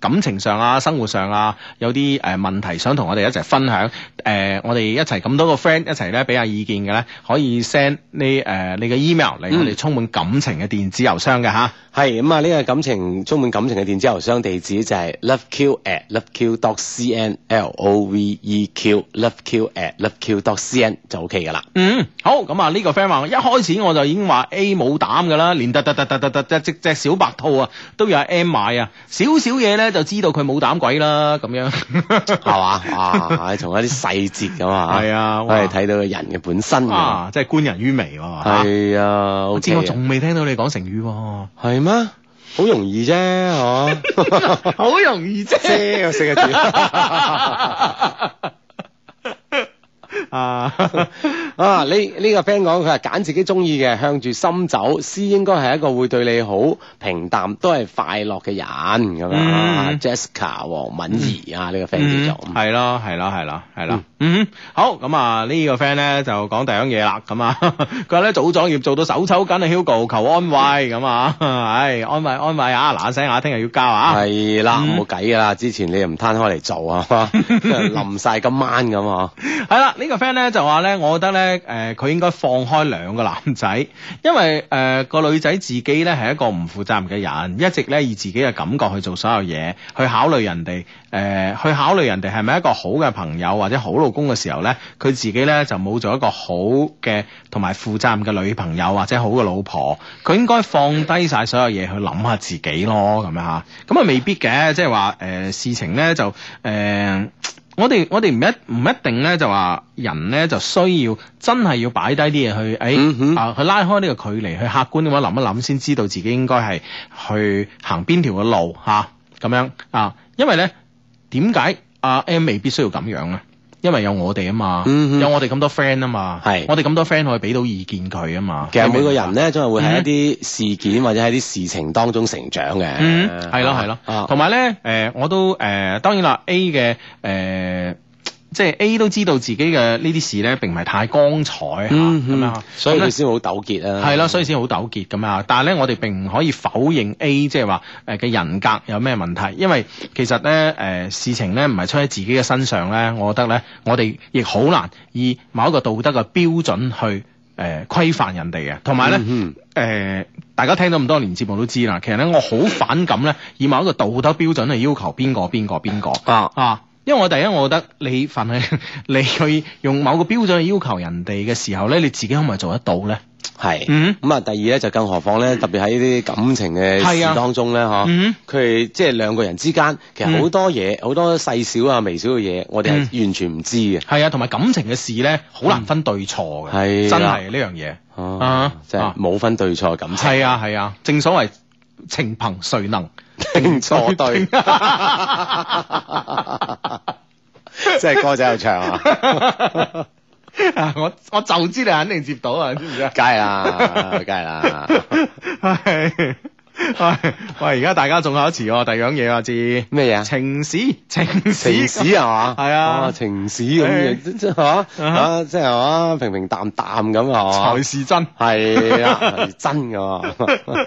感情上啊，生活上啊，有啲誒、呃、問題想同我哋一齊分享，誒、呃、我哋一齊咁多個 friend 一齊咧俾下意見嘅咧，可以 send 呢誒你嘅 email 嚟我哋充滿感情嘅電子郵箱嘅吓係咁啊，呢、嗯嗯呢個感情充滿感情嘅電子郵箱地址就係 loveq@loveq.cn，loveq@loveq.cn，L o v e q，loveq@loveq.cn 就 OK 噶啦。嗯，好咁啊，呢個 friend 話一開始我就已經話 A 冇膽㗎啦，連得得得得得得隻隻小白兔啊，都有 M 買啊，少少嘢咧。就知道佢冇膽鬼啦，咁樣係嘛，哇！從一啲細節咁啊，係哇啊，我哋睇到個人嘅本身，啊即係觀人於微。係啊，好、啊、知，我仲未聽到你講成語、啊，係咩？好容易啫，嗬、啊！好 容易啫，正啊！啊！呢呢個 friend 講，佢話揀自己中意嘅，向住心走。C 應該係一個會對你好、平淡都係快樂嘅人咁樣。Jessica 黃敏儀啊，呢個 friend 叫做。係咯，係咯，係咯，係咯。嗯，好咁啊！呢個 friend 咧就講第二樣嘢啦。咁啊，佢話咧，做作業做到手抽筋啊，Hugo 求安慰咁啊，唉，安慰安慰啊！嗱嗱聲，啊，聽日要交啊。係啦，冇計㗎啦，之前你又唔攤開嚟做啊，臨晒今晚咁啊。係啦，呢個 friend 咧就話咧，我覺得咧。誒，佢、呃、應該放開兩個男仔，因為誒、呃個女仔自己咧係一個唔負責任嘅人，一直咧以自己嘅感覺去做所有嘢，去考慮人哋，誒、呃、去考慮人哋係咪一個好嘅朋友或者好老公嘅時候咧，佢自己咧就冇做一個好嘅同埋負責任嘅女朋友或者好嘅老婆，佢應該放低晒所有嘢去諗下自己咯，咁樣吓，咁啊未必嘅，即係話誒事情咧就誒。呃我哋我哋唔一唔一定咧，就話人咧就需要真係要擺低啲嘢去，誒、哎嗯、哼啊去拉開呢個距離，去客觀嘅話諗一諗先知道自己應該係去行邊條嘅路吓咁、啊、樣啊，因為咧點解阿 M 未必需要咁樣咧？因為有我哋啊嘛，嗯、哼有我哋咁多 friend 啊嘛，係是，我哋咁多 friend 可以俾到意見佢啊嘛。其實每個人咧，真係會喺一啲事件或者喺啲事情當中成長嘅，係咯，係咯。同埋咧，誒，我都誒、呃，當然啦，A 嘅誒。呃即係 A 都知道自己嘅呢啲事呢，並唔係太光彩嚇，啊嗯、哼所以佢先好糾結啊。係咯，所以先好糾結咁啊。但係呢，我哋並唔可以否認 A 即係話誒嘅人格有咩問題，因為其實呢，誒、呃、事情呢，唔係出喺自己嘅身上呢。我覺得呢，我哋亦好難以某一個道德嘅標準去誒、呃、規範人哋嘅。同埋呢，誒、嗯哼呃，大家聽到咁多年節目都知啦，其實呢，我好反感呢，以某一個道德標準去要求邊個邊個邊個啊啊！啊因為我第一，我覺得你凡係你去用某個標準去要求人哋嘅時候咧，你自己可唔可以做得到咧？係是，咁啊、mm，hmm. 第二咧就更何況咧，特別喺呢啲感情嘅事當中咧，嗬、mm，佢即係兩個人之間，其實好多嘢，好、mm hmm. 多細小，小、mm hmm. 啊、微小嘅嘢，我哋係完全唔知嘅。係啊，同埋感情嘅事咧，好難分對錯嘅，mm hmm. 真係呢樣嘢啊，真係冇分對錯感情。係啊係啊，啊，正所謂。情憑誰能定錯對？ 即係歌仔有唱啊！ 啊我我就知你肯定接到知知 啊，知唔知啊？梗係啦，梗係啦。喂，而家大家仲考一次，第二樣嘢啊，知咩嘢啊？情史，情史，啊，情史係、啊、嘛？係 啊，情史咁嘢，即係嗬，平平淡淡咁啊。才是真。係啊，真嘅。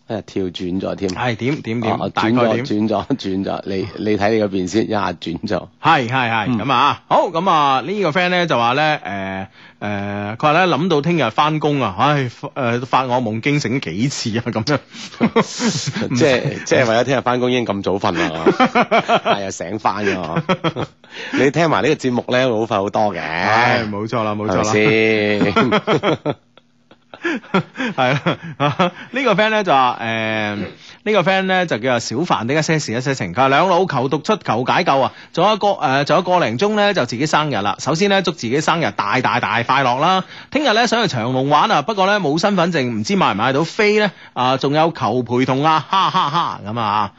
跳轉咗添，係點點點？大概點？轉咗轉咗，你你睇你嗰邊先，一下轉咗。係係係，咁啊，好咁啊，呢個 friend 咧就話咧，誒誒，佢話咧諗到聽日翻工啊，唉，誒發惡夢驚醒幾次啊，咁樣，即係即係為咗聽日翻工，已經咁早瞓啦，係啊，醒翻㗎。你聽埋呢個節目咧，會好快好多嘅。唉，冇錯啦，冇錯啦。係、 這個這個、啊，呢個 friend 咧就話，誒，呢個 friend 咧就叫啊小凡，的一些事一些情？佢話兩老求讀出，求解救啊！仲有一個誒，仲、呃、有個零鐘咧就自己生日啦。首先咧祝自己生日大大大快樂啦！聽日咧想去長隆玩啊，不過咧冇身份證，唔知買唔買到飛咧啊！仲、呃、有求陪同啊，哈哈哈咁啊！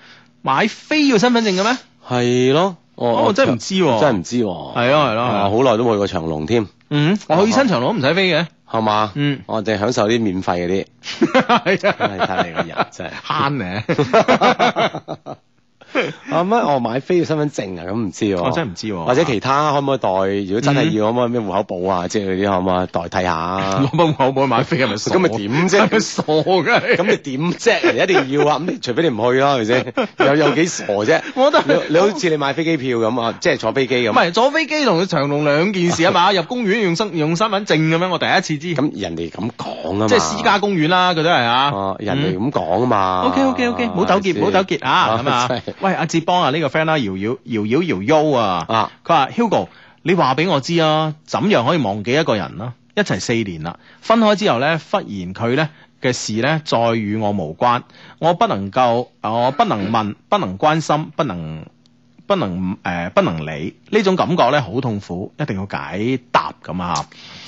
買飛要身份證嘅咩？係咯、哦我哦，我真係唔知，真係唔知，係咯係咯，我好耐都冇去過長隆添。 嗯，我去新場我都唔使飛嘅，係嘛嗎？嗯，我哋享受啲免費嗰啲，真係睇 你個人，真係慳咧。 阿媽，我買飛嘅身份證啊，咁唔知喎，我真係唔知，或者其他可唔可以代？如果真係要，可唔可以咩戶口簿啊，即係嗰啲可唔可以代替下？戶口簿買飛係咪傻？咁咪點啫？傻噶，咁你點啫？一定要啊！咁除，除非你唔去啦，係咪先？有有幾傻啫？我覺得你好似你買飛機票咁啊，即係坐飛機咁。唔係坐飛機同佢長隆兩件事啊嘛！入公園用身用身份證咁樣，我第一次知。咁人哋咁講啊嘛，即係私家公園啦，佢都係啊。人哋咁講啊嘛。O K O K O K，唔好糾結，唔好糾結啊，係嘛。喂，阿、啊、志邦啊，呢、這個 friend 啦、啊，瑤瑤瑤瑤 Yo 啊，啊，佢話 Hugo，你話俾我知啊，怎樣可以忘記一個人啦、啊？一齊四年啦，分開之後咧，忽然佢咧嘅事咧再與我無關，我不能夠，我不能問，不能關心，不能。不能誒、呃，不能理呢種感覺咧，好痛苦，一定要解答咁啊！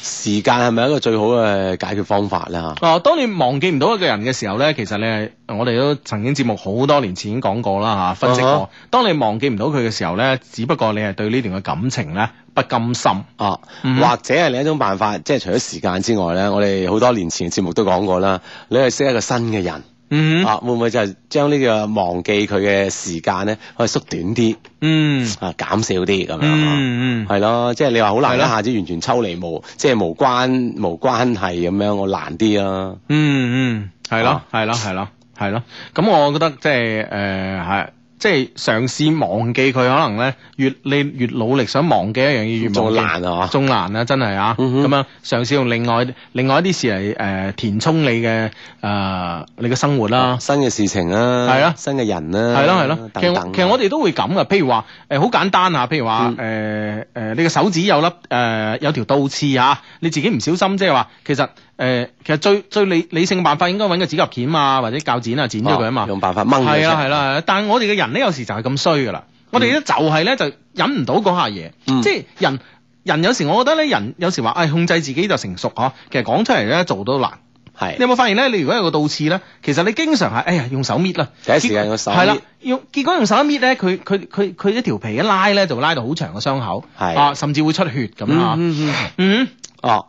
時間係咪一個最好嘅解決方法咧？啊！當你忘記唔到一個人嘅時候咧，其實你係我哋都曾經節目好多年前已經講過啦吓、啊，分析過。啊、當你忘記唔到佢嘅時候咧，只不過你係對呢段嘅感情咧不甘心啊，嗯、或者係另一種辦法，即係除咗時間之外咧，我哋好多年前嘅節目都講過啦，你係識一個新嘅人。嗯，mm hmm. 啊，會唔會就係將呢個忘記佢嘅時間咧，可以縮短啲，嗯、mm，hmm. 啊，減少啲咁樣，嗯嗯、mm，係、hmm. 咯，即係你話好難一的下子完全抽離無，即係無關無關係咁樣，我難啲啦、啊，嗯嗯、mm，係咯係咯係咯係咯，咁、啊、我覺得即係誒係。呃即係嘗試忘記佢，可能咧越你越努力想忘記一樣嘢，越忘記，難啊！仲難啊！真係啊！咁、嗯、哼樣嘗試用另外另外一啲事嚟誒填充你嘅誒、呃、你嘅生活啦、啊，新嘅事情啦、啊，係啦、啊，新嘅人啦、啊，係咯係咯。其實其實我哋都會咁噶，譬如話誒好簡單啊，譬如話誒誒你嘅手指有粒誒、呃、有條倒刺啊，你自己唔小心，即係話其實。誒，其實最最理理性嘅辦法，應該揾個指甲鉗啊，或者鉸剪啊，剪咗佢啊嘛，用辦法掹佢。係啦，係啦，但係我哋嘅人咧，有時就係咁衰噶啦。我哋咧就係咧就忍唔到嗰下嘢，即係人人有時我覺得咧，人有時話誒控制自己就成熟嗬。其實講出嚟咧，做都難。係。你有冇發現咧？你如果有個倒刺咧，其實你經常係，哎呀，用手搣啦。第一時間用手搣。係啦，用結果用手搣咧，佢佢佢佢一條皮一拉咧，就拉到好長嘅傷口，啊，甚至會出血咁啊。嗯嗯。哦。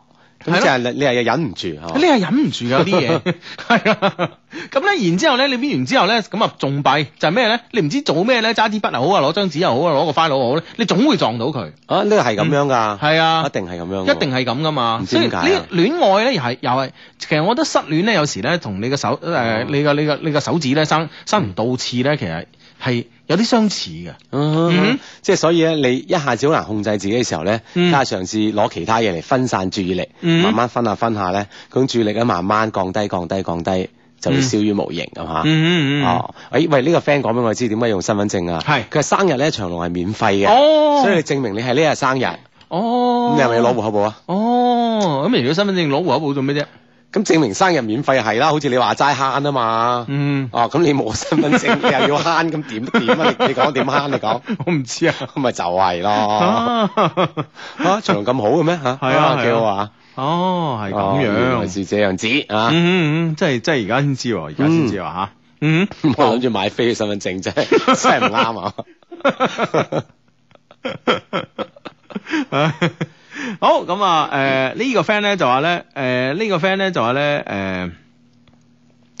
係咯，你係又忍唔住嚇？ 你係忍唔住嗰啲嘢，係啦。咁咧，然之後咧，你搣完之後咧，咁啊，仲弊就係咩咧？你唔知做咩咧，揸支筆又好啊，攞張紙又好啊，攞個 file 好咧，你總會撞到佢。啊，呢、這個係咁樣㗎，係啊、嗯嗯，一定係咁樣，一定係咁㗎嘛。所以唔知解呢戀愛咧，係又係，其實我覺得失戀咧，有時咧，同你嘅手誒、呃，你嘅你嘅你嘅手指咧，生生唔到刺咧，其實係。嗯有啲相似嘅，嗯嗯、即係所以咧，你一下子好難控制自己嘅時候咧，加嘗試攞其他嘢嚟分散注意力，嗯、慢慢分下分下咧，咁注意力咧慢慢降低、降低、降低、嗯，就會消於無形咁吓。嗯嗯嗯、哦，誒、哎，喂，呢、這個 friend 講俾我知點解用身份證啊？係是，佢係生日咧，長隆係免費嘅，哦，所以你證明你係呢日生日。哦，你係咪攞戶口簿啊？哦，咁如果身份證攞戶口簿做咩啫？咁證明生日免費係啦，好似你話齋慳啊嘛，哦，咁你冇身份證又要慳咁點點啊？你講點慳你講，我唔知啊，咪就係咯，長咁好嘅咩？嚇，係啊，幾好啊？哦，係咁樣，原來係咁樣子啊，嗯嗯，即係而家先知，而家先知話嚇，嗯，我諗住買飛嘅身份證啫，真係唔啱啊。好咁啊！誒，呃這個、呢，呢、呃這個 friend 咧就話咧，誒、呃，這個、呢個 friend 咧就話咧，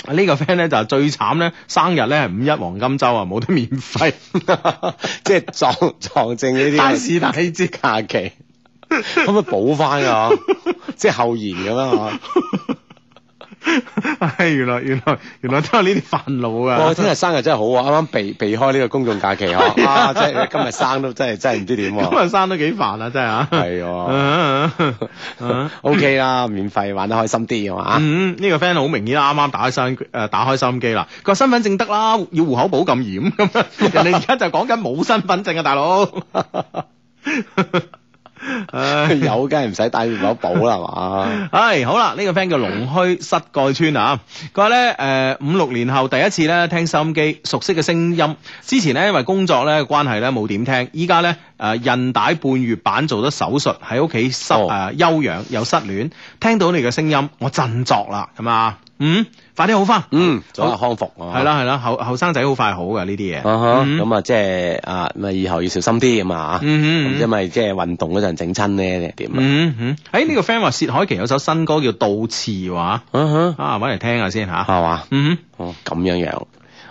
誒，呢個 friend 咧就最慘咧，生日咧係五一黃金周啊，冇得免費， 即係撞 撞，撞正呢啲，大是大非之假期， 可唔可以補翻啊？ 即係後延咁啊？ 係 原來原來原來都係呢啲煩惱噶。我聽日生日真係好啊，啱啱避避開呢個公眾假期呵、啊。哇、 啊，即係今日生都真係真係唔知點、啊。今日生都幾煩啊，真係啊。係。O K 啦，免費玩得開心啲嘛。呢個 friend 好明顯啱啱打心誒、呃、打開心機啦。個身份證得啦，要戶口簿咁嚴，咁人哋而家在就講緊冇身份證啊，大佬。 唉， 有梗係唔使帶攞保啦，係嘛？唉，好啦，呢、這個 friend 叫龍虛膝蓋村啊，佢話咧誒五六年後第一次咧聽收音機，熟悉嘅聲音。之前咧因為工作咧關係咧冇點聽，依家咧誒韌帶半月板做咗手術，喺屋企失誒休、呃、養又失戀，聽到你嘅聲音，我振作啦，咁啊，嗯。快啲好翻，嗯，早日康復，係啦係啦，後後生仔好快好噶呢啲嘢，咁啊即係啊，咪以後要小心啲咁啊。吓，因為即係運動嗰陣整親咧，點啊？嗯嗯，哎呢個 friend 話薛凱琪有首新歌叫《倒刺》話，啊搵嚟聽下先吓，係嘛？嗯，哦咁樣樣，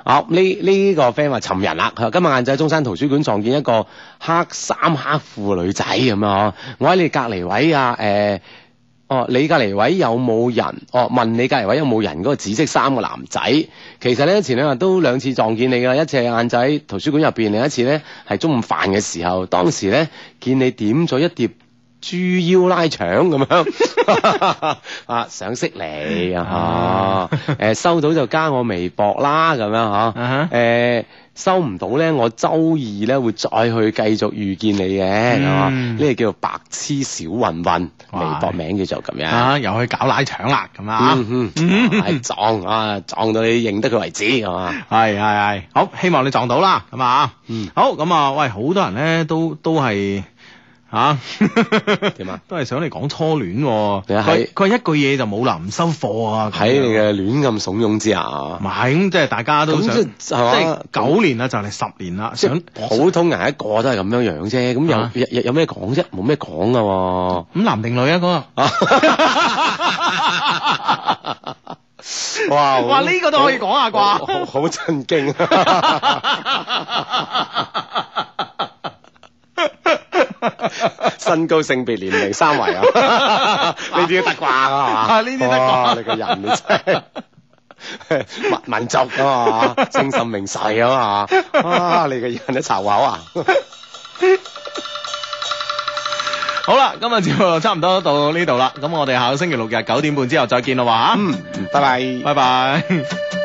哦呢呢個 friend 話尋人啦，今日晏晝喺中山圖書館撞見一個黑衫黑褲女仔咁樣，我喺你隔籬位啊，誒。哦，你隔籬位有冇人？哦，問你隔籬位有冇人？嗰個紫色衫個男仔，其實咧前兩日都兩次撞見你噶啦，一次係晏仔圖書館入邊，另一次咧係中午飯嘅時候，當時咧見你點咗一碟。豬腰拉腸咁樣啊，想識你啊，嗬？誒，收到就加我微博啦，咁樣嗬？誒，收唔到咧，我周二咧會再去繼續遇見你嘅，呢個叫做白痴小云云，微博名叫做咁樣啊，又去搞拉腸啦，咁啊，係撞啊，撞到你認得佢為止，係嘛？係係係，好，希望你撞到啦，咁啊，好，咁啊，喂，好多人咧都都係。吓點啊？都係想你講初戀，佢佢係一句嘢就冇啦，唔收貨啊！喺你嘅亂咁慫恿之下，咁即係大家都想係九年啦，就嚟十年啦，想普通人一個都係咁樣樣啫。咁有有咩講啫？冇咩講噶。咁男定女啊？嗰個哇哇，呢個都可以講下啩？好好，震驚！ 身高、性別、年齡三圍啊，呢啲要八卦啊嘛！哇，你個人真係文文啊嘛，清新明細啊嘛，哇、啊，你個人都茶口啊！ 好啦，今日節目差唔多到呢度啦，咁我哋下個星期六日九點半之後再見啦嘛，嗯，拜拜， 拜拜。